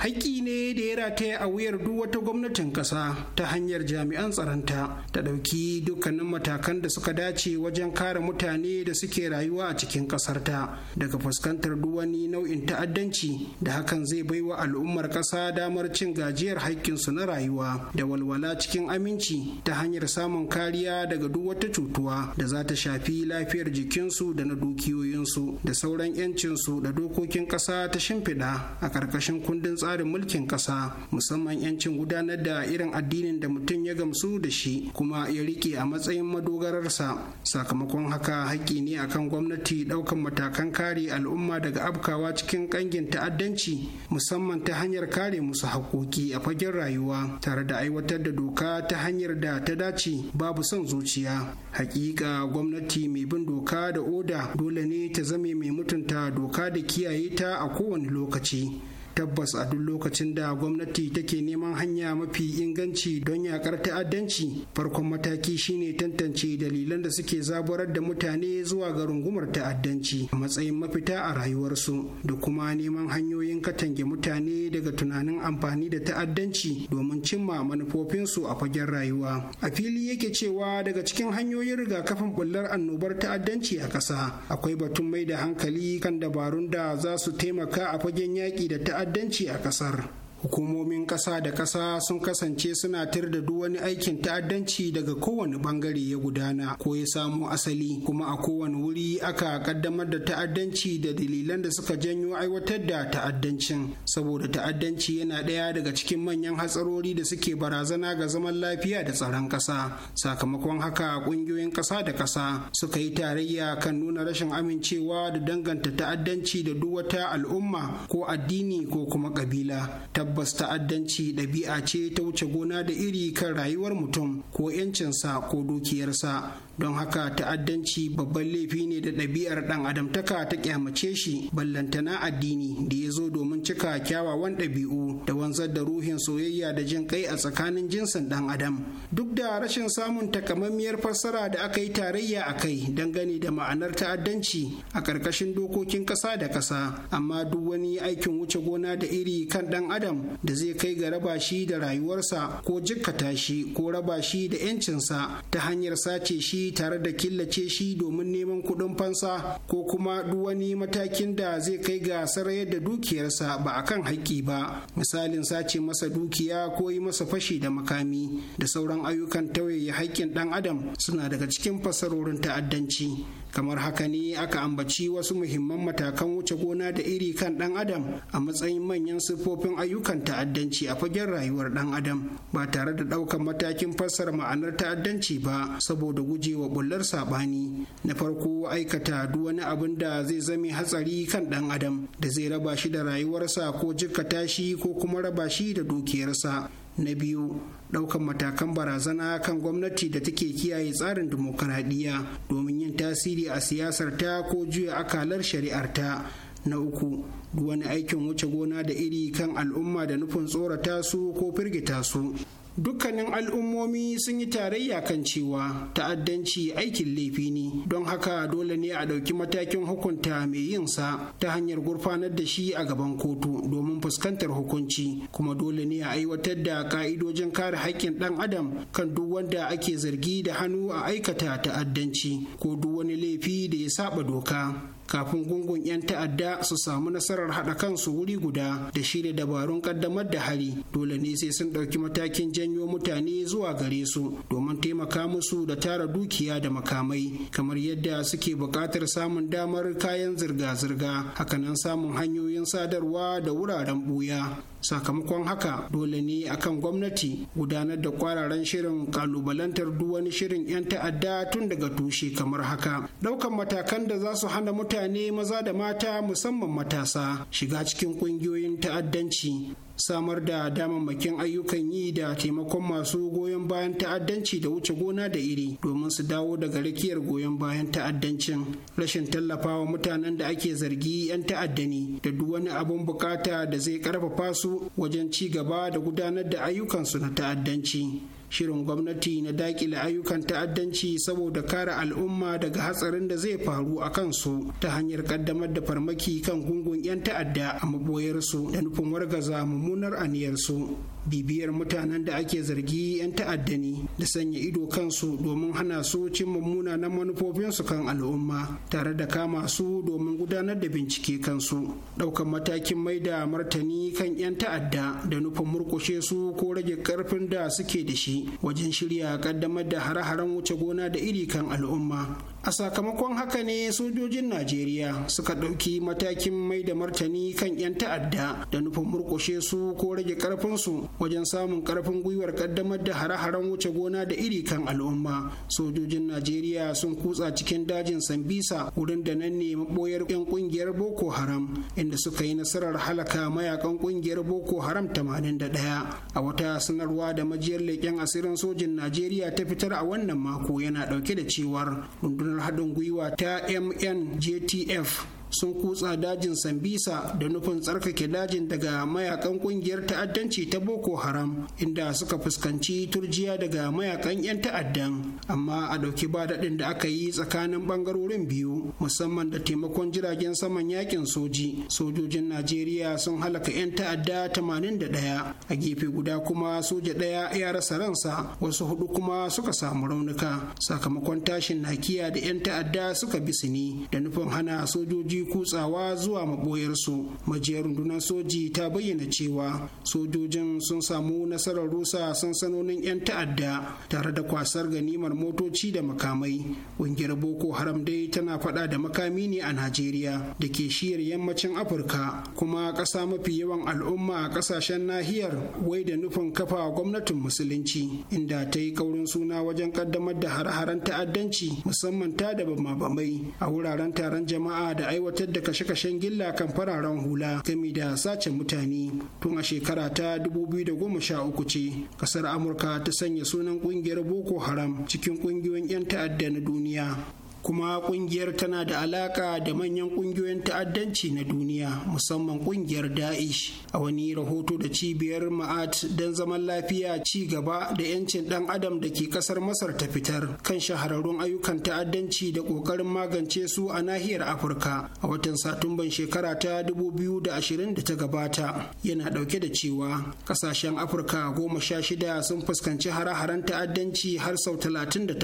haƙƙi ne da ya rataya a wuyar duk wata gwamnatin ƙasa ta hanyar jami'an tsaronta ta ɗauki dukkanin matakan da suka dace wajen kare mutane da suke rayuwa a cikin ƙasarta daga fuskantar duk wani nau'in ta'addanci da hakan zai baiwa al'ummar ƙasa damar cin gajiyar haƙƙinsu na rayuwa da walwala cikin aminci ta hanyar samun kariya daga duk wata cutuwa da za ta shafi lafiyar jikinsu da na dukiyoyinsu da sauran 'yancinsu da dokokin ƙasa ta shimfiɗa a ƙarƙashin kundin tsarin mulkin yankin ƙasa musamman 'yancin gudanar da irin addinin da mutum ya gamsu da shi kuma ya rike a matsayin madogararsa sakamakon haka haƙƙi ne akan gwamnati ɗaukan matakan kare al'umma daga abkawa cikin ƙangin ta'addanci musamman ta hanyar kare musu haƙoƙi a fagen rayuwa tare da aiwatar da doka ta hanyar da ta dace babu son zuciya Haƙiƙa gwamnati mai bin doka da oda dole ne ta zame mai mutunta doka da kiyaye ta a kowane lokaci tabbas a duk lokacin da gwamnati take neman hanya mafi inganci don yakar ta'addanci farkon mataki shine tantance dalilan da suke zaburar da mutane zuwa ga rungumar ta'addanci a matsayin mafita a rayuwarsu da kuma neman hanyoyin katange mutane daga tunanin amfani da ta'addanci domin cimma manufofinsu a fagen rayuwa a fili yake cewa daga cikin hanyoyin rigakafin bullar annobar ta'addanci a ƙasa akwai batun mai da hankali kan dabarun da za su taimaka a fagen yaƙi da ta'addanci ta'addanci a ƙasar hukumomin ƙasa da ƙasa sun kasance suna tir da duk wani aikin ta'addanci daga kowane bangare ya gudana ko ya samo asali kuma a kowane wuri aka kaddamar da ta'addanci da dalilan da suka janyo aiwatar da ta'addancin saboda ta'addanci yana ɗaya daga cikin manyan hatsarori da suke barazana ga zaman lafiya da tsaron ƙasa sakamakon haka ƙungiyoyin ƙasa da ƙasa suka yi tarayya kan nuna rashin amincewa da danganta ta'addanci da duk wata al'umma ko addini ko kuma ƙabila tabbas ta'addanci ɗabi'a ce ta wuce gona da iri kan rayuwar mutum ko 'yancinsa ko dukiyarsa don haka ta'addanci babban laifi ne da ɗabi'ar ɗan adamtaka ta kyamace shi ballantana addini da ya zo domin cika kyawawan ɗabi'u da wanzar da ruhin soyayya da jin kai a tsakanin jinsin ɗan adam duk da rashin samun takamammiyar fassara da aka yi tarayya a kai dangane da ma'anar ta'addanci a ƙarƙashin dokokin ƙasa da ƙasa amma duk wani aikin wuce gona da iri kan ɗan adam da zai kai ga raba shi da rayuwarsa ko jikkata shi ko raba shi da 'yancinsa ta hanyar sace shi tare da killace shi domin neman kuɗin fansa ko kuma duk wani matakin da zai kai ga sarayar da dukiyarsa ba a kan haƙƙi ba misalin sace masa dukiya ko yi masa fashi da makami da sauran ayyukan tauye haƙƙin ɗan adam suna daga cikin fasarorin ta'addanci kamar haka ne aka ambaci wasu muhimman matakan wuce gona da iri kan ɗan adam a matsayin manyan siffofin ayyukan ta'addanci a fagen rayuwar ɗan adam ba tare da ɗaukar matakin fassar ma'anar ta'addanci ba saboda gujewa bullar saɓani na farko aikata duk wani abin da zai zame hatsari kan ɗan adam da zai raba shi da rayuwarsa ko jikkata shi ko kuma raba shi da dukiyarsa na biyu ɗaukan matakan barazana kan gwamnati da take kiyaye tsarin dimokuraɗiyya domin yin tasiri a siyasar ta ko juya akalar shari'ar ta na uku duk wani aikin wuce gona da iri kan al'umma da nufin tsorata su ko firgita su dukkanin al'ummomi sun yi tarayya kan cewa ta'addanci aikin laifi ne don haka dole ne a ɗauki matakin hukunta mai yin sa ta hanyar gurfanar da shi a gaban kotu domin fuskantar hukunci kuma dole ne a aiwatar da ka'idojin kare haƙƙin ɗan adam kan duk wanda ake zargi da hannu a aikata ta'addanci ko duk wani laifi da ya saba doka kafin gungun 'yan ta'adda su samu nasarar haɗa kansu wuri guda da shirya dabarun ƙaddamar da hari dole ne sai sun ɗauki matakin janyo mutane zuwa gare su domin taimaka musu da tara dukiya da makamai kamar yadda suke buƙatar samun damar kayan zirga-zirga hakanan samun hanyoyin sadarwa da wuraren ɓuya sakamakon haka dole ne akan gwamnati gudanar da kwararan shirin kalubalantar duk wani shirin 'yan ta'adda tun daga tushe kamar haka daukan matakan da za su hana mutane maza da mata musamman matasa shiga cikin ƙungiyoyin ta'addanci samar da damammakin ayyukan yi da taimakon masu goyon bayan ta'addanci da wuce gona da iri domin su dawo daga rakiyar goyon bayan ta'addancin rashin tallafawa mutanen da ake zargi 'yan ta'addani da duk wani abun bukata da zai karfafa su wajen ci gaba da gudanar da ayyukansu na ta'addanci shirin gwamnati na dakile ayyukan ta'addanci saboda kare al'umma daga hatsarin da zai faru a kansu ta hanyar kaddamar da farmaki kan gungun 'yan ta'adda a maboyarsu da nufin wargaza mummunar aniyarsu bibiyar mutanen da ake zargi 'yan ta'adda ne da sanya ido kansu domin hana su cimma munanan manufofinsu kan al'umma tare da kama su domin gudanar da bincike kansu ɗaukan matakin mai da martani kan 'yan ta'adda da nufin murkushe su ko rage ƙarfin da suke da shi wajen shirya ƙaddamar da hare-haren wuce gona da iri kan al'umma a sakamakon haka ne sojojin najeriya suka ɗauki matakin mai da martani kan 'yan ta'adda da nufin murƙushe su ko rage ƙarfinsu wajen samun ƙarfin gwiwar ƙaddamar da hare-haren wuce gona da iri kan al'umma sojojin najeriya sun kutsa cikin dajin sambisa wurin da nan ne maɓoyar 'yan ƙungiyar boko haram inda suka yi nasarar halaka mayakan ƙungiyar boko haram tamanin da ɗaya. a wata sanarwa da majiyar leƙen asirin sojin najeriya ta fitar a wannan mako yana ɗauke da cewar rundunar haɗin gwiwa ta mnjtf sun kutsa dajin sambisa da nufin tsarkake dajin daga mayakan kungiyar ta'addanci ta boko haram inda suka fuskanci turjiya daga mayakan 'yan ta'addan amma a dauki ba daɗin da aka yi tsakanin bangarorin biyu musamman da taimakon jiragen saman yakin soji sojojin najeriya sun halaka 'yan ta'adda 81 a gefe guda kuma soja ɗaya ya rasa ransa wasu hudu kuma suka samu raunuka sakamakon tashin nakiya da 'yan ta'adda suka bi ne da nufin hana sojoji kutsawa zuwa maboyarsu majiyar rundunar soji ta bayyana cewa sojojin sun samu nasarar rusa sansanonin 'yan ta'adda tare da kwasar ganimar motoci da makamai ƙungiyar boko haram dai tana faɗa da makami ne a najeriya da ke shiyar yammacin afirka kuma ƙasa mafi yawan al'umma a ƙasashen nahiyar wai da nufin kafa gwamnatin musulunci inda ta yi kaurin suna wajen ƙaddamar da har haren ta'addanci musamman ta da bamai a wuraren taron jama'a da aiwatar aiwatar da kashe-kashen gilla kan fararen hula gami da sace mutane tun a shekara ta 2013 ce kasar amurka ta sanya sunan kungiyar boko haram cikin kungiyoyin 'yan ta'adda na duniya kuma kungiyar tana da alaka da manyan kungiyoyin ta'addanci na duniya musamman kungiyar da'ish a wani rahoto da cibiyar ma'at don zaman lafiya ci gaba da 'yancin dan adam da ke kasar masar ta fitar kan shahararrun ayyukan ta'addanci da kokarin magance su a nahiyar afirka a watan satumban shekara ta dubu biyu da ashirin da ta gabata yana dauke da cewa kasashen afirka goma sha shida sun fuskanci hare-haren ta'addanci har sau 38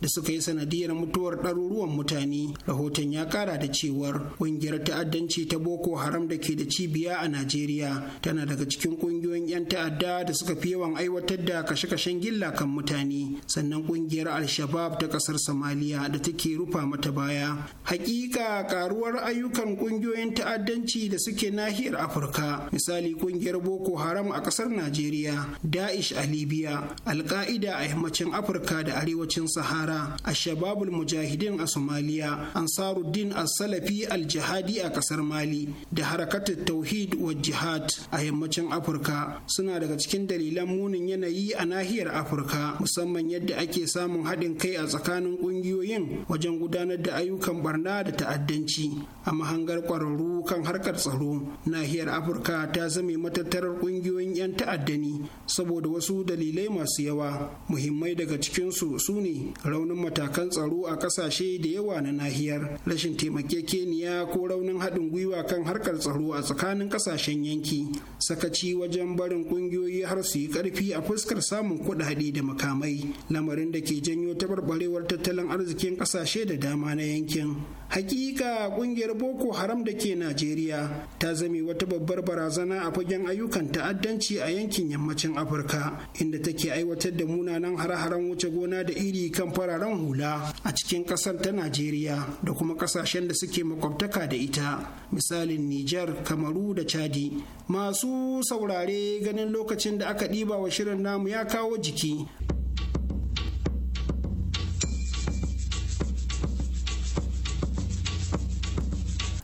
da suka yi sanadiyar mutuwar ɗaruruwan mutane rahoton ya ƙara da cewar ƙungiyar ta'addanci ta boko haram da ke da cibiya a najeriya tana daga cikin ƙungiyoyin 'yan ta'adda da suka fi yawan aiwatar da kashe-kashen gilla kan mutane sannan ƙungiyar al-shabab ta ƙasar somaliya da take rufa mata baya hakika ƙaruwar ayyukan ƙungiyoyin ta'addanci da suke nahiyar afirka misali ƙungiyar boko haram a ƙasar najeriya da'ish a libya alka'ida a yammacin afirka da arewacin sahara a shababul mujahid Mujahideen a Somalia, Ansaruddin al-Salafi al-Jihadi a kasar Mali da harakatar Tauhid wa Jihad a yammacin Afirka suna daga cikin dalilan munin yanayi a nahiyar Afirka musamman yadda ake samun haɗin kai a tsakanin ƙungiyoyin wajen gudanar da ayyukan barna da ta'addanci a mahangar ƙwararru kan harkar tsaro nahiyar Afirka ta zame matattarar ƙungiyoyin 'yan ta'addani saboda wasu dalilai masu yawa muhimmai daga cikinsu su ne raunin matakan tsaro a ƙasashe kasashe da yawa na nahiyar rashin taimakekeniya ko raunin haɗin gwiwa kan harkar tsaro a tsakanin kasashen yanki sakaci wajen barin ƙungiyoyi har su yi ƙarfi a fuskar samun kuɗaɗe da makamai lamarin da ke janyo tabarbarewar tattalin arzikin ƙasashe da dama na yankin hakika ƙungiyar boko haram da ke najeriya ta zame wata babbar barazana a fagen ayyukan ta'addanci a yankin yammacin afirka inda take aiwatar da munanan hare-haren wuce gona da iri kan fararen hula a cikin ƙasar ta Najeriya da kuma kasashen da suke makwabtaka da ita misalin Nijar, Kamaru da Chadi. Masu saurare ganin lokacin da aka ɗiba wa shirin namu ya kawo jiki.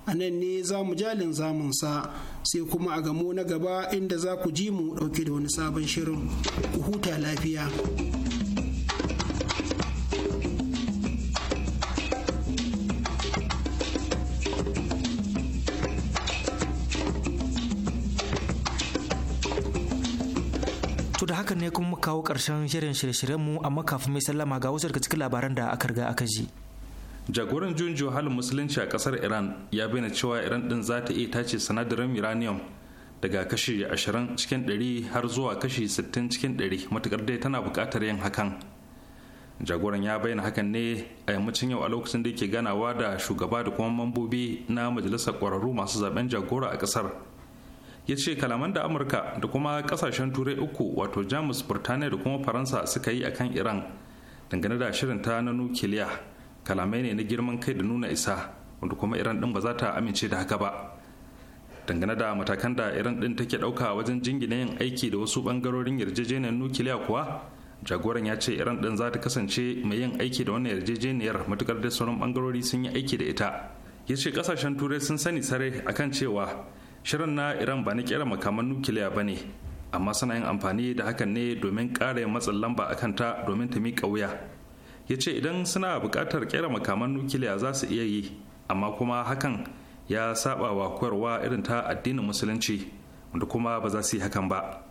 A nan ne za mu jalin zamunsa sai kuma a gamo na gaba inda za ku ji mu ɗauke da wani sabon shirin. Ku huta lafiya. To da hakan ne kuma kawo ƙarshen shirin shirye mu amma kafin mai sallama ga wasu daga cikin labaran da aka riga aka ji. Jagoran junjo halin musulunci a kasar Iran ya bayyana cewa Iran ɗin za ta iya tace sinadarin uranium daga kashi 20 cikin 100 har zuwa kashi 60 cikin 100 matukar dai tana buƙatar yin hakan. Jagoran ya bayyana hakan ne a yammacin yau a lokacin da yake ganawa da shugaba da kuma mambobi na majalisar ƙwararru masu zaben jagora a kasar. ya ce kalaman da amurka da kuma kasashen turai uku wato jamus burtaniya da kuma faransa suka yi akan iran dangane da shirin ta na nukiliya kalamai ne na girman kai da nuna isa wanda kuma iran din ba za ta amince da haka ba dangane da matakan da iran din take dauka wajen jingina yin aiki da wasu bangarorin yarjejeniyar nukiliya kuwa jagoran ya ce iran din za ta kasance mai yin aiki da wannan yarjejeniyar matukar da sauran bangarori sun yi aiki da ita ya ce kasashen turai sun sani sare akan cewa shirin na iran ba na kera makaman nukiliya ba ne amma suna yin amfani da hakan ne domin kare matsin lamba a kanta domin ta miƙa wuya ya ce idan suna buƙatar kera makaman nukiliya za su iya yi amma kuma hakan ya saba wa koyarwa irin ta addinin musulunci wanda kuma ba za su yi hakan ba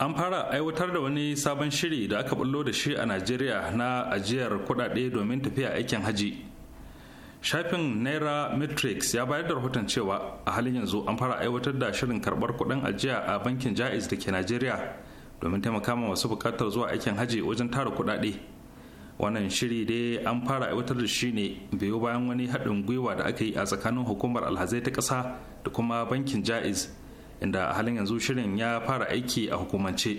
an fara aiwatar da wani sabon shiri da aka bullo da shi a najeriya na ajiyar kuɗaɗe domin tafiya aikin haji shafin naira matrix ya bayar da rahoton cewa a halin yanzu an fara aiwatar da shirin karbar kudin ajiya a bankin jaiz da ke najeriya domin taimaka ma masu bukatar zuwa aikin haji wajen tara kudade wannan shiri dai an fara aiwatar da shi ne biyu bayan wani haɗin gwiwa da aka yi a tsakanin hukumar alhazai ta ƙasa da kuma bankin jaiz inda a halin yanzu shirin ya fara aiki a hukumance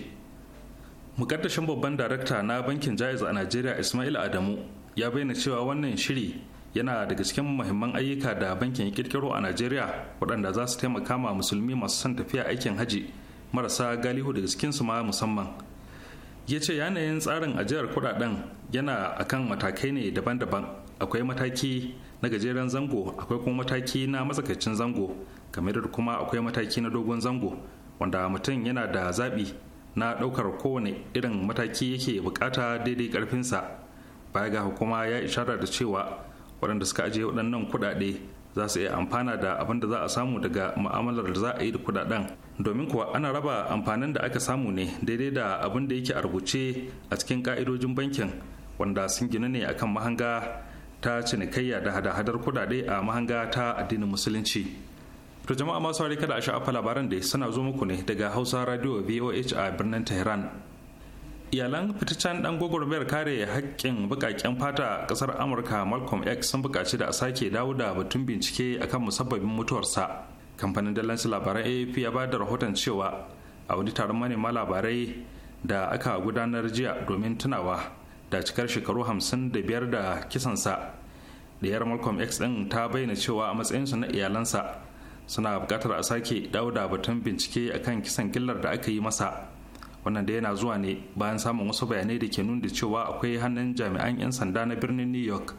mukaddashin babban darakta na bankin jaiz a najeriya ismail adamu ya bayyana cewa wannan shiri yana daga cikin muhimman ayyuka da bankin ya kirkiro a najeriya waɗanda za su taimaka ma musulmi masu son tafiya aikin haji marasa galihu daga cikin su ma musamman ya ce yanayin tsarin ajiyar kudaden yana akan matakai ne daban-daban akwai mataki na gajeren zango akwai kuma mataki na matsakaicin zango kamar da kuma akwai mataki na dogon zango wanda mutum yana da zaɓi na ɗaukar kowane irin mataki yake bukata daidai ƙarfinsa baya ga hukuma ya ishara da cewa waɗanda suka ajiye waɗannan kuɗaɗe za su iya amfana da abin da za a samu daga ma'amalar da za a yi da kuɗaɗen domin kuwa ana raba amfanin da aka samu ne daidai da abin da yake a rubuce a cikin ka'idojin bankin wanda sun gina ne akan mahanga ta cinikayya da hada-hadar kuɗaɗe a mahanga ta addinin musulunci to jama'a masu kada a sha'afa labaran da suna zo muku ne daga hausa radio voh a birnin tehran iyalan fitaccen dan gwagwarmayar kare hakkin bukaken fata ƙasar amurka malcolm x sun buƙaci da a sake dawo da batun bincike akan musabbabin mutuwarsa kamfanin dalanci labaran afp ya ba da rahoton cewa a wani taron manema labarai da aka gudanar jiya domin tunawa da cikar shekaru hamsin da biyar da kisansa ɗiyar malcolm x ɗin ta bayyana cewa a matsayinsu na iyalansa suna buƙatar a sake dawo da batun bincike akan kisan gillar da aka yi masa wannan da yana zuwa ne bayan samun wasu bayanai da ke nuna cewa akwai hannun jami'an 'yan sanda na birnin new york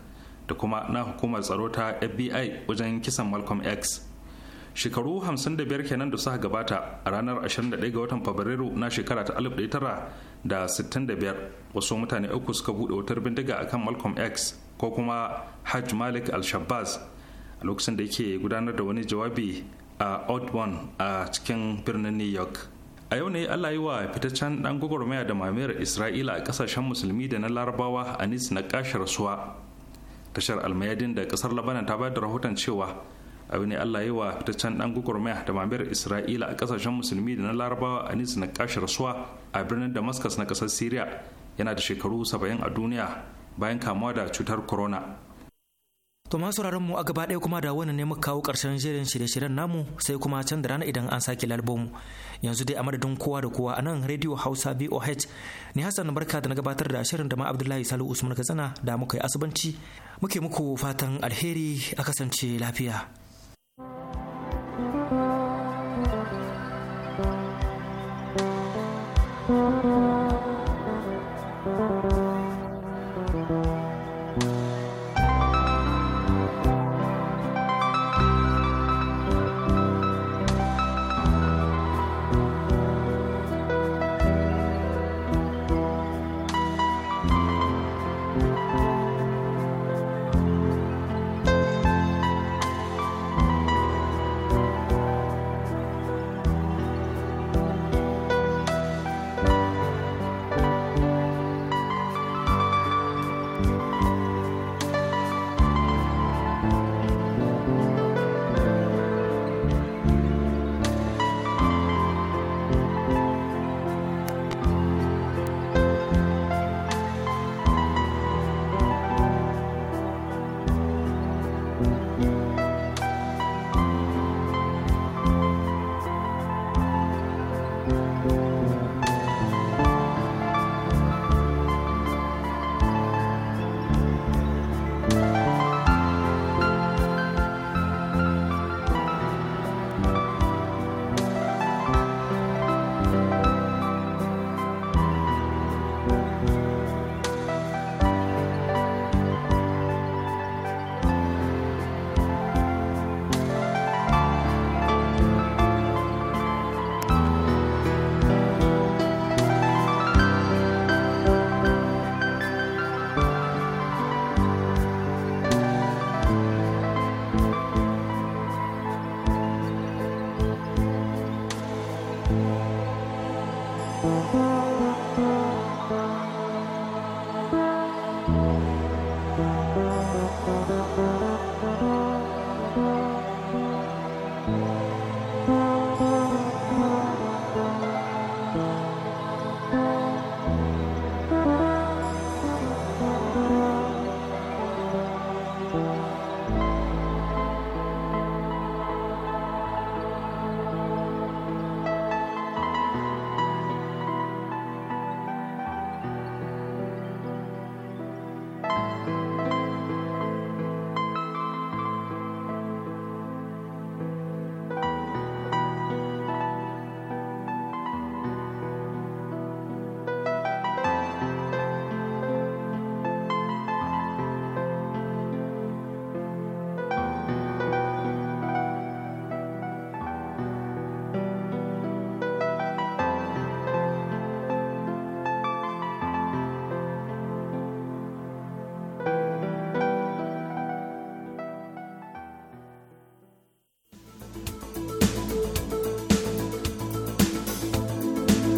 da kuma na hukumar tsaro ta fbi wajen kisan malcolm x shekaru 55 kenan da suka gabata a ranar 21 ga watan fabrairu na shekara ta 1965 wasu mutane uku suka bude wutar bindiga akan malcolm x ko kuma hajj malik al-shabbaz a lokacin da yake gudanar da wani jawabi a one a cikin birnin new york a yau ne allah yi wa fitaccen dan gwagwarmaya da mamayar isra'ila a kasashen musulmi da na larabawa a nis na kashar suwa, tashar almayadin da kasar labanan ta bayar da rahoton cewa abu ne allah yi wa fitaccen dan gwagwarmaya da mamayar isra'ila a kasashen musulmi da na larabawa a nis na kashar suwa a birnin damascus na kasar syria yana da shekaru saba'in a duniya bayan kamuwa da cutar corona To ma sauraron mu a gaba ɗaya kuma da wannan ne muka kawo ƙarshen jerin shirye-shiryen namu sai kuma can da rana idan an sake lalbomu. Yanzu dai a madadin kowa da kowa a nan rediyo Hausa BOH ni Hassan barka da na gabatar da shirin da ma Abdullahi Salihu Usman Katsina da muka yi asubanci muke muku fatan alheri a kasance lafiya.